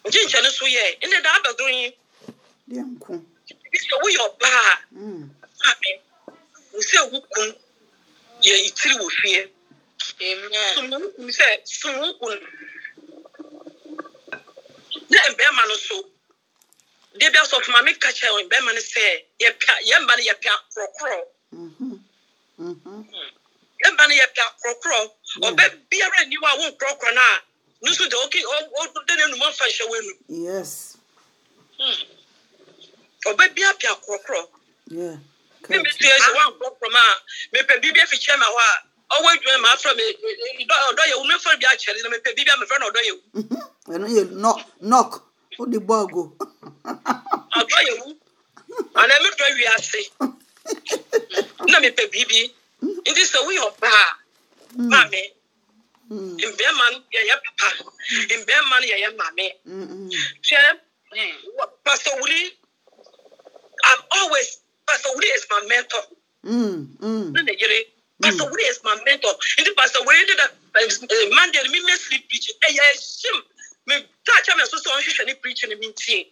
nkyenkyɛn so yɛ sɛ woyɛ ɔbaa mm. maame wo sɛ wo kun yɛ itiri wɔ fie som kun sɛ som wo kun na mbɛrima no so de bi asɔfo maame ka kyerɛ wɔn mbɛrima no sɛ yɛpia yɛn mba no yɛpia korɔkorɔ mm-hmm. Mm-hmm. Mm. yɛn mba no yɛpia mm. a wɔn ɔbɛbiapia korɔkorɔ ne metua sɛ woankorɔkorɔ ma a mepɛ biribi afikyerɛ ma hɔ a ɔwɔ adwuma ma afrɛ me ɔdɔ yɛwu memfa bi akyɛre no mepɛ biribi a mefrɛ no ɔdɔ yɛwu ɛno yɛ nok wode bɔ ago ɔdɔ (laughs) yɛwu anaa medɔ wie ase (laughs) na mepɛ biribi nti sɛ woyɛ ɔbaa hmm. maame hmm. mbɛɛma no yɛyɛ papa hmm. mbɛɛma no yɛyɛ maame hwɛ pastor wuli I'm always, Pastor Woody is my mentor. Mm, mm. Pastor mm. Woody is my mentor. Nti Pastor Woody did man Monday, me me sleep preaching. Hey, eh, yeah, shim. Me touch me so so on hwehwɛ ne preaching me ntie.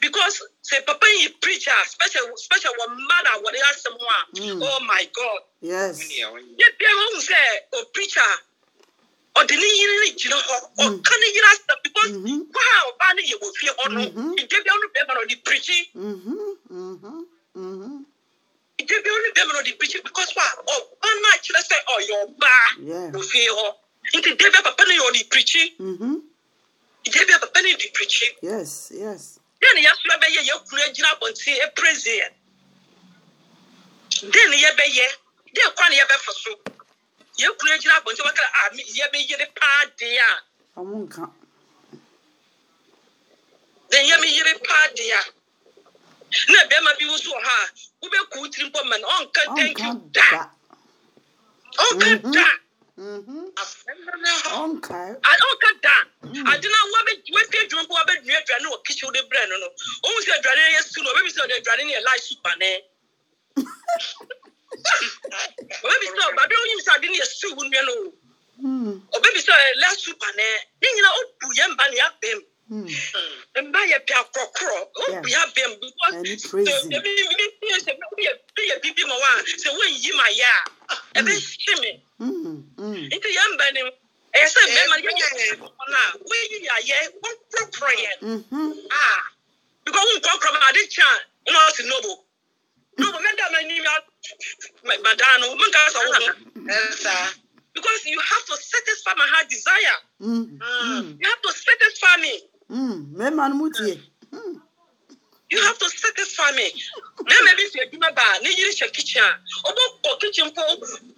Because say papa yi preacher ah, special special one man what he asɛm someone. Mm. Oh my God. Yes. Yɛ ah, mm. mm-hmm. mm-hmm. bia wɔn say oh preacher ɔde the need ne gyina hɔ ɔka ne yiri asɛm because kwa a ɔbaa ne yɛ wɔ fie hɔ no. Ndebi ɔno bɛrima on the preaching. Hmm di bikyi because wa ɔba no akyerɛ sɛ ɔyɛ ɔbaa ofie hɔ nti deɛ bi a papa no yɛ ɔde pirikyi deɛ bi a papa no e e yɛ e ah, de pirikyi deɛ ne yɛasoro bɛyɛ yɛkunu agyina abɔnten aprezeɛ deɛ ne yɛbɛyɛ deɛ kwa ne yɛbɛfa so yɛkunu agyina abɔnten wɔkra a yɛbɛyere paa deɛ a ɔmo nka deɛ yɛmeyere paa deɛ a na bɛrima bi nso wɔ ha a wobɛku wo tiri mpɔ ma no ɔnka thank you da mm-hmm. Mm-hmm. ɔnka da ɔnka mm. da ade no wasi adwuma mpo wabɛdua aduane wɔ kitchen wode brɛ no no ɔhu sɛ aduane yɛ su no ɔbɛbi sɛ ɔde aduane no yɛ life supane ɔbɛbi (laughs) sɛ ɔbabi wonyim sɛ ade no yɛ su wo nnua no o ɔbɛbi mm. sɛ ɔyɛ life supane ne nyina ɔbu yɛ mba ne yɛabɛm Mm. mba hmm. yɛ pɛ akɔkorɔ ɔbea bɛm bɛyɛ bibi ma wa sɛ wɔnyi ma yɛ a ɛbɛhye hmm. me hmm. nti yɛmba ne ɛyɛ sɛ mmarima no yɛyɛ no mm-hmm. a wɔyi yɛayɛ wɔkorɔkorɔ yɛ a bikɔ wo nkɔkorɔ ma ade kyɛ a na ɔse nobo nobo mɛda m'anim madan no menka sɛ wo ho because you have to satisfy my heart desire mm. Mm. you have to satisfy me mmarima no mu you have to satisfy me mmarima bi fi adwuma ba ne yiri hyɛ kitchen a ɔbɔ kɔ kitchen po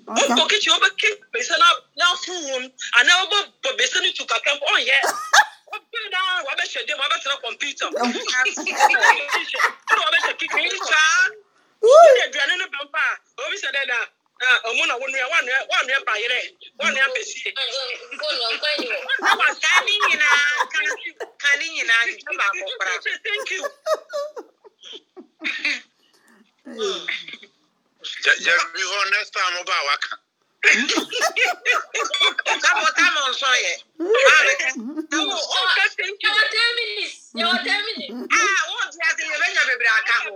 ɔkɔ kitchen ɔbɛ ke besa na n'afu wom anaa ɔbɔ bɔ besa ne tu kakra mpo ɔnyɛ. ɔbɛn na wabɛhyɛ dɛm wabɛtena kɔmputa be wabɛhyɛ kitchen saa. Wúyẹ̀ aduane no bẹ̀ mpa be obi sɛ dɛ daa ọmụ na wọnụ ya nwanụ ya nwanụ ya banyere nwanụ ya mesie. ka anyị nyinaa ka anyị nyinaa nke ma akpọkwara thank you. jẹbi hɔ next time ọba awa kan. sábò táwọn nsọ yẹ báwo ọ ọ ten minutes yẹ ọ ten minutes. ah wọn ti a ti yẹ bẹ yẹ bẹbẹrẹ aka hó.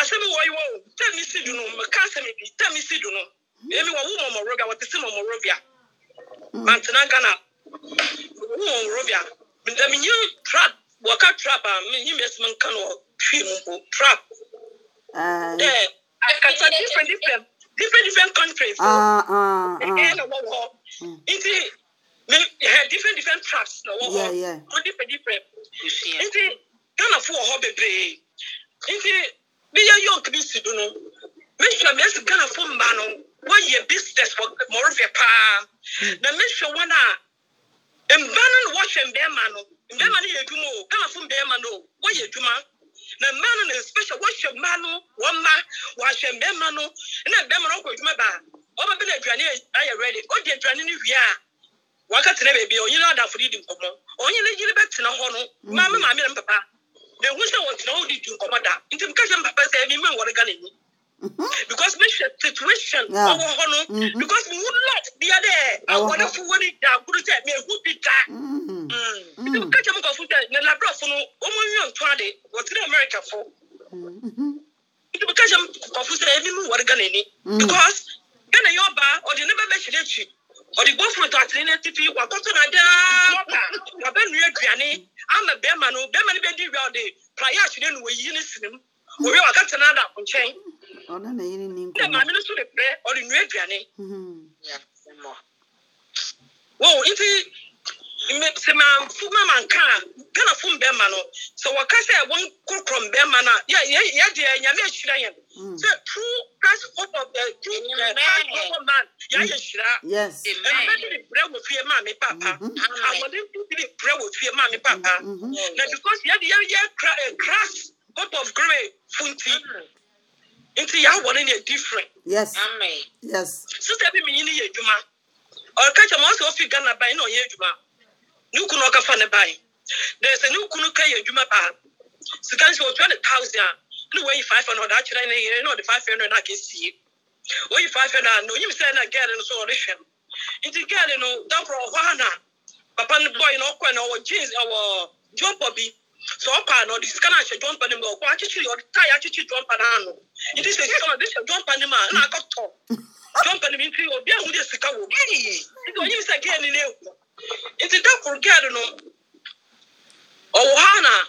asɛm wɔ yi wɔ o tɛm si do no kaasa mi bi tɛm si do no emi wɔ wo mɔmɔrobia wɔte se mɔmɔrobia mantena ghana wo mɔmɔrobia ndɛm nye trap wɔka trap a mi nye mi esu nka no fi mu bo trap dɛ eh, akasa different different different different countries ɛɛ ah, ah, ah. eh, na wɔwɔ mm. nti mi ɛ eh, different different traps na wɔwɔ different different nti ghana fo wɔ hɔ bebree nti. meyɛ yɛ ɔkristo no mehwɛ mesi ghanafo mmaa no wɔyɛ business wɔ mɔrɔfɛ paa na mehwɛ wɔn a mmaa no na wɔhwɛ mmarima no mmarima no yɛ adwuma o ghanafo mmarima no wɔyɛ adwuma na mmaa no na special wɔhwɛ mmaa no wɔn mma wɔahwɛ mmarima no na mmarima no ɔkɔ adwuma baa ɔbɛbɛ na aduane ayɛ ready ɔdi aduane no wie a wakatena baabi a ɔnyina adafo no di nkɔmmɔ ɔnyina yiri bɛtena hɔ no maame maame ne papa ehu sɛ wɔtena hɔ de tu nkɔmɔ da nti mi ka sɛ mpapa sɛ ɛmi mi nwɔre gana ni because mi hwɛ situation ɔwɔ hɔ no because mi hu lot bia dɛ awɔrefo wɔre da agoro sɛ mi ehu bi da nti mi ka sɛ mi kɔfo sɛ na labrɔfo no wɔn mu yɛ ntɔn de wɔtena america fo nti mi ka sɛ mi kɔfo sɛ ɛmi mi nwɔre gana ni because gana yɛ ɔbaa ɔde ne bɛ bɛ hyɛ n'ekyi ɔde gbɔ funu to atene n'atifi wakɔtɔ na daa wabɛ nua aduane ama bɛrima no bɛrima no bɛ di wia ɔde praya ahyerɛ no wɔyi ne sirim wɔwi a tena da nkyɛn ɔno na yiri ni nkɔmɔ ɛna maame no so de brɛ ɔde nua aduane mhm. wɔn nti sɛ manfo ma manka a ghanafo mbɛrima no sɛ wɔka sɛ wɔn korɔ mbɛrima no a yɛ yɛ deɛ nyame ahyerɛ yɛn Mm. Say true Christ hope of the true uh, Christ hope man. Yeah, yes, Yes. Amen. And when they pray with fear, mommy, papa. I want them to be pray with fear, mommy, papa. Now because yeah, yeah, yeah, Christ hope eh, of grey, funti. Into yà wọ ní yẹ different. Yes. Amen. Yes. Sísè bí mi yín the yẹ adwuma. Ọ̀rọ̀ká jẹ́ mọ́ sọ fi Ghana báyìí náà yẹ adwuma. Ní kunu ọ̀ka fa ne báyìí. Dẹ̀sẹ̀ ní kunu ká yẹ adwuma báyìí. Sika n na wɔyi five hundred atwerɛ ne yere na ɔde five hundred akɛsie wɔyi five hundred ano onyim sɛ na gɛɛre no so ɔde hwɛ no nti gɛɛre no dakoro ɔhɔ ana papa no bɔyi na ɔkɔ na ɔwɔ jeans ɔwɔ jɔmpɔ bi sɛ ɔkɔ a na ɔde sika no ahyɛ jɔmpa no mu ɔkɔ akyekyere ɔde tae akyekyere jɔmpa no ano nti sɛ sika no ɔde hyɛ jɔmpa no mu a na akɔtɔ jɔmpa no mu nti obi ahu de sika wɔ mu nti onyim sɛ gɛɛre no ehu nti dakoro gɛɛre no ɔwɔ hɔ ana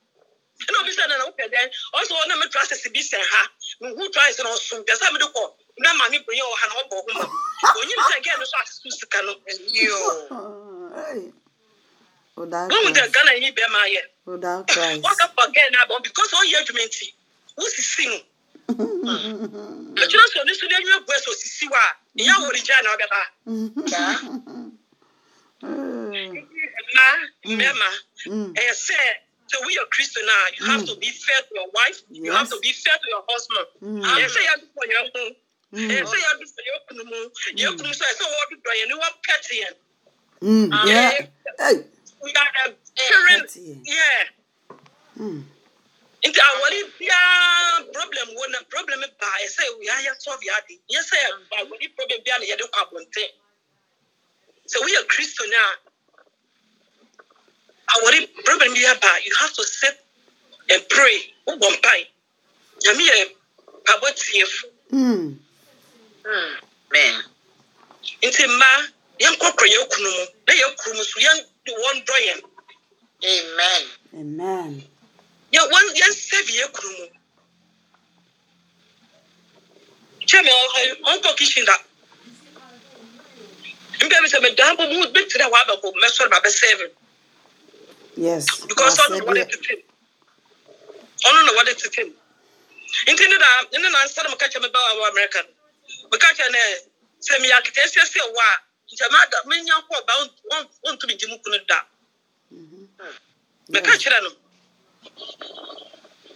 ɛna obi sɛ nana wopɛ dɛn ɔsɛ ɔna me trousers bi sɛn ha mehu trousers na ɔsom pɛ sɛ mede kɔ na maame bɛyɛ ɔha na ɔbɔ ho ma onyim sɛ gɛɛ no so ase so sika no yo wohu dɛ ghana yi bɛɛ ma yɛ waka fa gɛɛ no abɔ because ɔyɛ adwuma nti wosisi no ɛtwerɛ (laughs) sɛ ɔne so ne anwuma bua sɛ ɔsisi wa a ɛyɛ aworigya na ɔbɛba mmaa mmarima ɛyɛ sɛ So we are Christian now. You have mm. to be fair to your wife. Yes. You have to be fair to your husband. Mm. mm. mm. And ah, yeah. Eh, we are eh, a Yeah. Mm. nti awɔre biara problem wo problem baa ɛsɛ wia yɛsɔre ade nyɛ sɛ awɔre problem biara na yɛde kɔ abɔnten sɛ woyɛ kristo no awɔre problem bi aba you have to set and pray wobɔ mpae nyame yɛ pabɔ tiefo nti mmaa yɛnkɔkɔ yɛ kunu mu na yɛ kuru mu so yɛn wɔndɔ yɛn amen amen yɛ wɔn yɛn sɛbi yɛ kunu mu kyɛnɛ ɔhɔ yi kitchen da mbɛ mi sɛ mɛ dan bɔ mu bɛ tiri a wabɛ ko mɛ sɔrɔ ma bɛ sɛbi. Yes. Because ọnụ na wade titim. ọnụ na wade titim. Nti ne na ne na nsa na mu kacha mebe awa America no. Mu kacha na sɛ mi yakita esiesie wa a nkyɛn ma da mi nya kɔ ba ontumi gye mu kunu da. Mɛka kyerɛ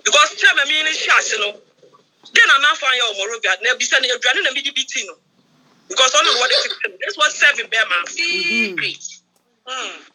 Because kyerɛ mɛ mi ne hyɛ ase Then I'm not n'afɔ your wɔ Morovia na be no aduane na mi de bi Because no. Because ọnụ na wade This was seven bɛrɛ ma. Mm-hmm. Hmm.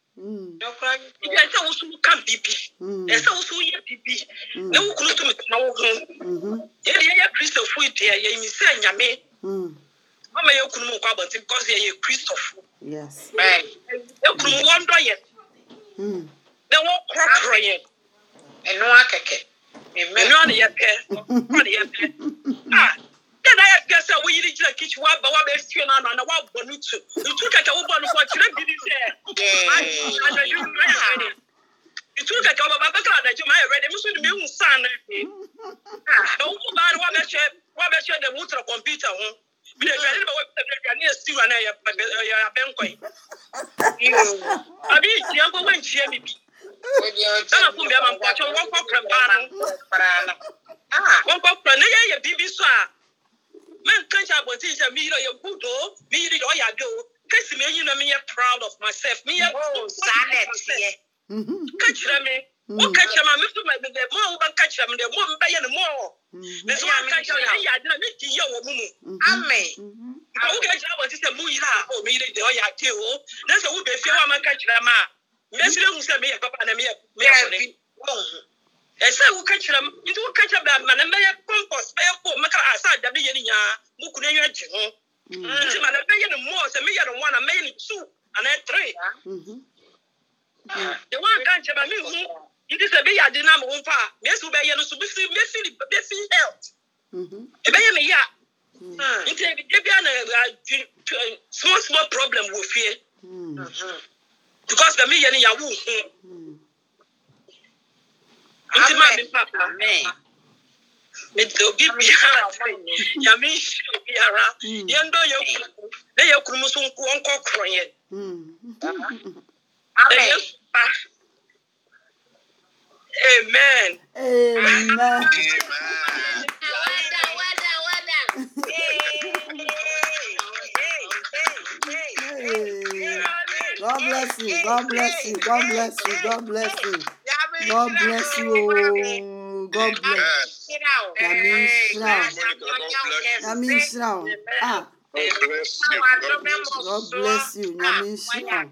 ebi ɛsɛ woso ka bibi ɛsɛ woso yɛ bibi na wokuru tum tena wo ho yɛde yɛyɛ kristofo deɛ yɛyimi sɛ nyame ɔma yɛ kunu mu nkɔ abɔnte because yɛyɛ kristofo ekunu mu wɔndɔ yɛ na wɔkorɔkorɔ yɛ ɛnoa kɛkɛ ɛnoa ne yɛ pɛ ɔkorɔ ne yɛ pɛ a. (laughs) dɛ na yɛ pɛ sɛ woyiri gyina kitchi woaba woabɛfie no ana na woabɔ no tu ntu kɛkɛ wobɔ no kɔkyerɛ bi ne sɛ ntu kɛkɛ wobaba bɛkra anagye ma ayɛwerɛ de mo so de mehu saa no ɛwomu baa no woabɛhwɛ woabɛhwɛ dɛ wotra kɔmputa ho bide aduane no bɛwɔ aduane yɛ stew ana ɛyɛ abɛnkɔe abi nkyia mpo woankyia me bi ɛna fo mbiama mpɔkyɛ wɔnkɔ korɛ paa no wɔnkɔ korɛ ne yɛyɛ biribi so man kancha abɔnten sɛ meyerɛ yɛ good o meyere deɛ ɔyɛ ade o kasi mi eyi na mi yɛ proud of myself mi yɛ saa na ɛteɛ ka kyerɛ mi o ka kyerɛ mi a mi fi ma ɛdɛ mo a wo ba ka kyerɛ mi dɛ mo mi bɛ yɛ ni mo wɔ ne so a ka kyerɛ mi yɛ adi na mi ti yɛ wɔ mu mu amen nka wo ka kyerɛ wɔ ti sɛ mo yira a o mi yiri de ɔyɛ ade o na sɛ wo bɛ fie wa ma ka kyerɛ ma mɛsiri ehun sɛ mi yɛ papa na mi yɛ mi yɛ kɔnɛ ɛsɛ woka kyerɛ m nti woka kyerɛ bɛ ma ne mɛyɛ compost bɛyɛ ko mɛka asa adade yɛ ne nyinaa moku no anwa gye ho mm. nti ma ne mɛyɛ no mmɔɔ sɛ meyɛ no one a mɛyɛ no two anaa three de woanka nkyerɛ ma menhu nti sɛ bɛyɛ ade no ama wo mfa a mesi wobɛyɛ no so bɛfi bɛfi health ɛbɛyɛ me yɛ a nti e da bia na ah, eh, small small problem wɔ fie mm. mhm. because bɛ meyɛ no yɛ wo ho nti maa mi papa mede obi biara nyame nhyira obiara yɛn dɔ yɛ kuru ne yɛ kuru mu so nko ɔnkɔ korɔ yɛn ɛyɛ pa amen. amen. God bless you. God bless you. God bless you. God bless you. God bless you. God bless. Yàmi Israel. Yàmi Israel. Ah. God bless you. Yàmi Israel.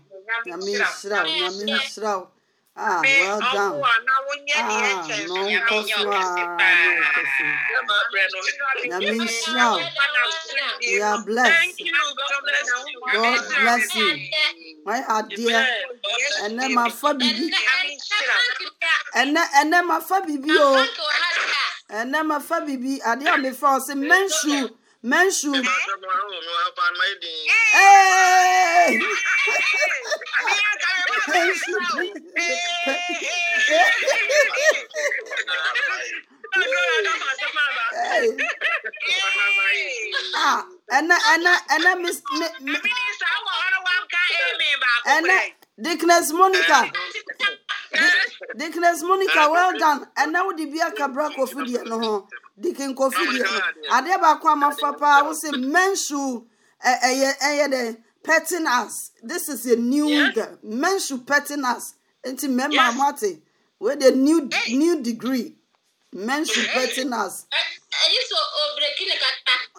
Yàmi Israel. Yàmi Ah, well done. Ah, no nkɔsoa, no nkɔsoa. Yàmi Israel. We are blessed. God bless you. My dear, ɛnɛ ma fa bibi ɛnɛ ɛnɛ mafa bibi o ɛnɛ mafa bibi ade a mefa o sɛ mɛnsu mɛnsu. ɛnɛ ɛnɛ ɛnɛ miss. ɛnɛ. Dickness Monica. Dickness Monica, well done. And now the beer cabra cofidia no ho. Dickin cofidia. Adeba kwama fapa, I will say menshu eh, eh, eh petting us. This is a new girl. Menshu petting us. Enti memma mate. With a new new degree. Menshu petting us. Eh, oh, Are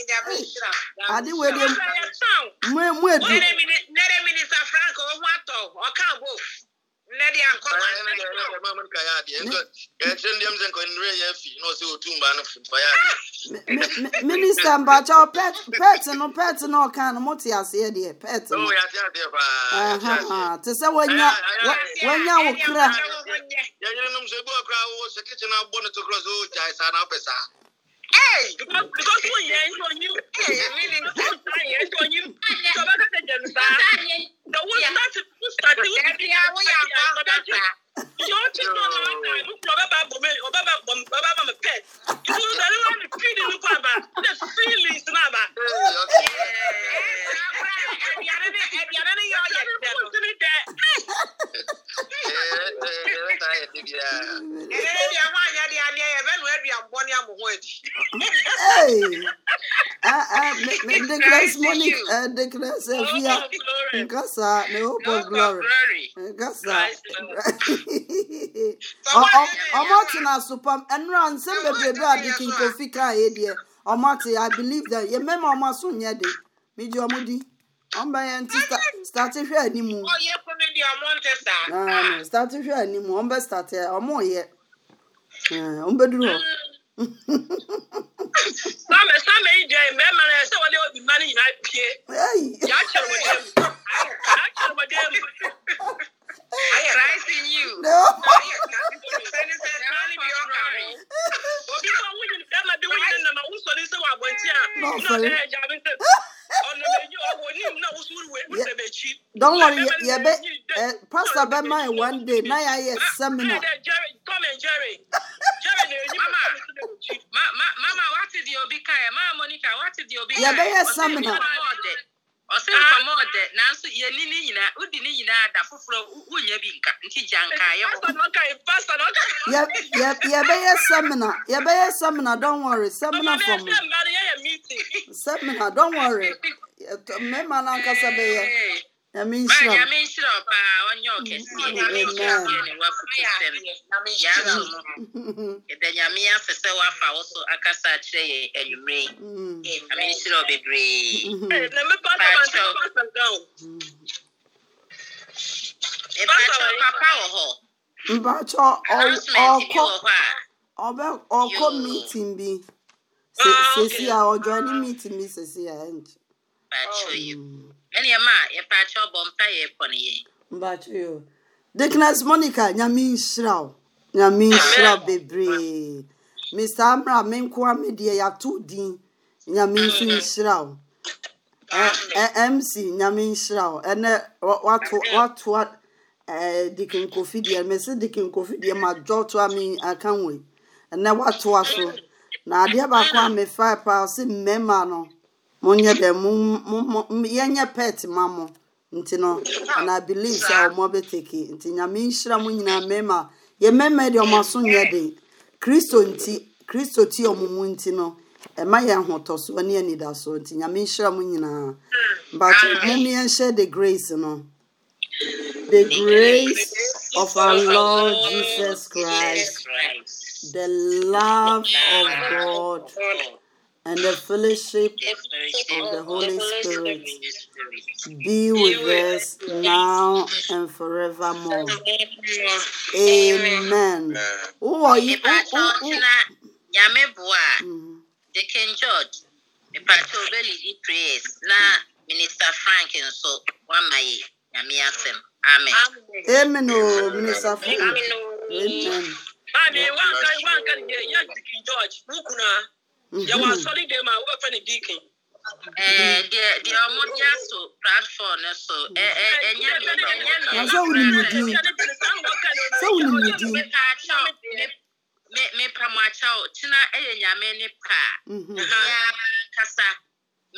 ade wei de mu mu edu. nere minista frank ohun atọ ọka bo nnedi ankọwa. minista mbacha pet pet no pet no ọka no mo te aseɛ deɛ pet no. te sɛ wanya wanya wo kra. yɛn yerenom sɛ ebi wɔ kra wo sɛ kitchen abɔ ne tokoro so gyae saa na apɛ saa. Hey, because because who yẹn ń lóyún. Èmi ni. Wọ́n ta yẹn ń lóyún. Ìjọba ká tẹ̀jẹ̀ nùbá. The one that is starting with the people that are coming. Your children are not going to be able to be able to be able to pet. You know, they don't want to feed you, Papa. The feelings, Mama. Ẹ̀mí àná ni yọ̀ yẹ̀ tẹ̀lé the grace money and the grace of fear. Gasa, the hope of glory. Gasa. Ọmọ tí na supam ẹnu à ń sẹ́ bèbèrè àdé kí n kò fi ká yé diẹ. Ọmọ tí I believe that yẹ mẹ́mọ̀ ọmọ sùn yẹ de. Mi jẹ́ di ọmọ yẹn ti start hwẹ anim. ọyẹ kunu di ọmọ n tẹ sa. start hwẹ anim ọmọ bẹ start ọmọ yẹ ọmọ bẹ duru hɔ. sáàmì sáàmì yìí jẹ mẹ́ẹ̀mẹ́ rẹ̀ ṣé wọ́n lé obì mmanì yìí náà pie. yà á kyerè wọ́n dé mu yà á kyerè wọ́n dé mu. I trust in you. No. Obi ma wunyi dama bi wunyi nama wusɔ ni sɛ wa abɔnti a. N'o fɔ ye. Don't worry, yeah, be, uh, eh, Pastor Bema one day. Now I hear seminar. Jerry, come and Jerry. Jerry, Mama, ma, Mama, what is did you be Mama Monica, what is did you be? Yeah, be a seminar. ɔsɛ nkɔmɔ ɔdɛ nanso yɛni ne nyinaa wodi ne nyinaa da foforɔ wonya bi nka nti eh, seminar. Yeah, be semina seminar. Don't worry Seminar for me. Seminar. Don't worry mmarima no ankasa bɛyɛ nyamenhyira meeting bi a meeting bi sesi a ɛnneɛma a yɛpaakyɛ ɔbɔ mpa yɛ ɛpɔ ne yɛn mbakyɛ o dickness monica nyame nhyira wo nyame nhyira bebree mr amra me nkoa me deɛ yɛato din nyame nso nhyira wo mc nyame nhyira wo ɛnɛ watoa dikinkofi deɛ mese dikinkofi deɛ madwɔto a me aka wei ɛnɛ watoa so na adeɛ baako a mefae paa sɛ mmarima no monyɛ dɛ yɛnyɛ pet ma mo nti no ana believe sɛ ɔmo bɛteke nti nyame nhyira mo nyinaa mmarima yɛ mmarima deɛ ɔmo aso nyɛ den kristo nti kristo ti ɔmo mu nti no ɛma yɛ ahotɔsoɔ ne anidasoɔ nti nyame nhyira mo nyinaa but mo ne yɛnhyɛ the grace no the grace of our lord jesus christ the love of god. and the fellowship of the Holy Spirit be with us now and forevermore. Amen. Who you? Deacon mm-hmm. George, Pastor oh, Amen. Amen. Amen. Amen. yɛwɔ asɔrede mu a wobɛfɛ no deacon deɛ ɔmo de aso platform no so ɛnyɛ na sɛ wonim ne din sɛ wonim ne din mepamu akyɛw tena ɛyɛ nyame ne paa kasa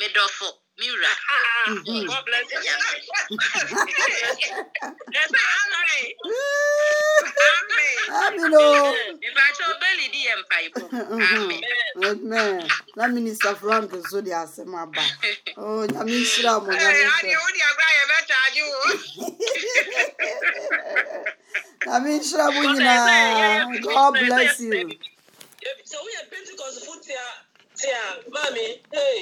medɔfo Mira. Mm-hmm. God bless you. (laughs) Yes, Amen. Amen. Oh. Mm-hmm. Amen. Amen. That minister Frank so di asem aba. Oh, na minister mo na. Eh, ani o di agba ye beta aju o. Na minister (laughs) mo nyina. God bless you. So we are Pentecost foot here. Yeah, mommy. Hey.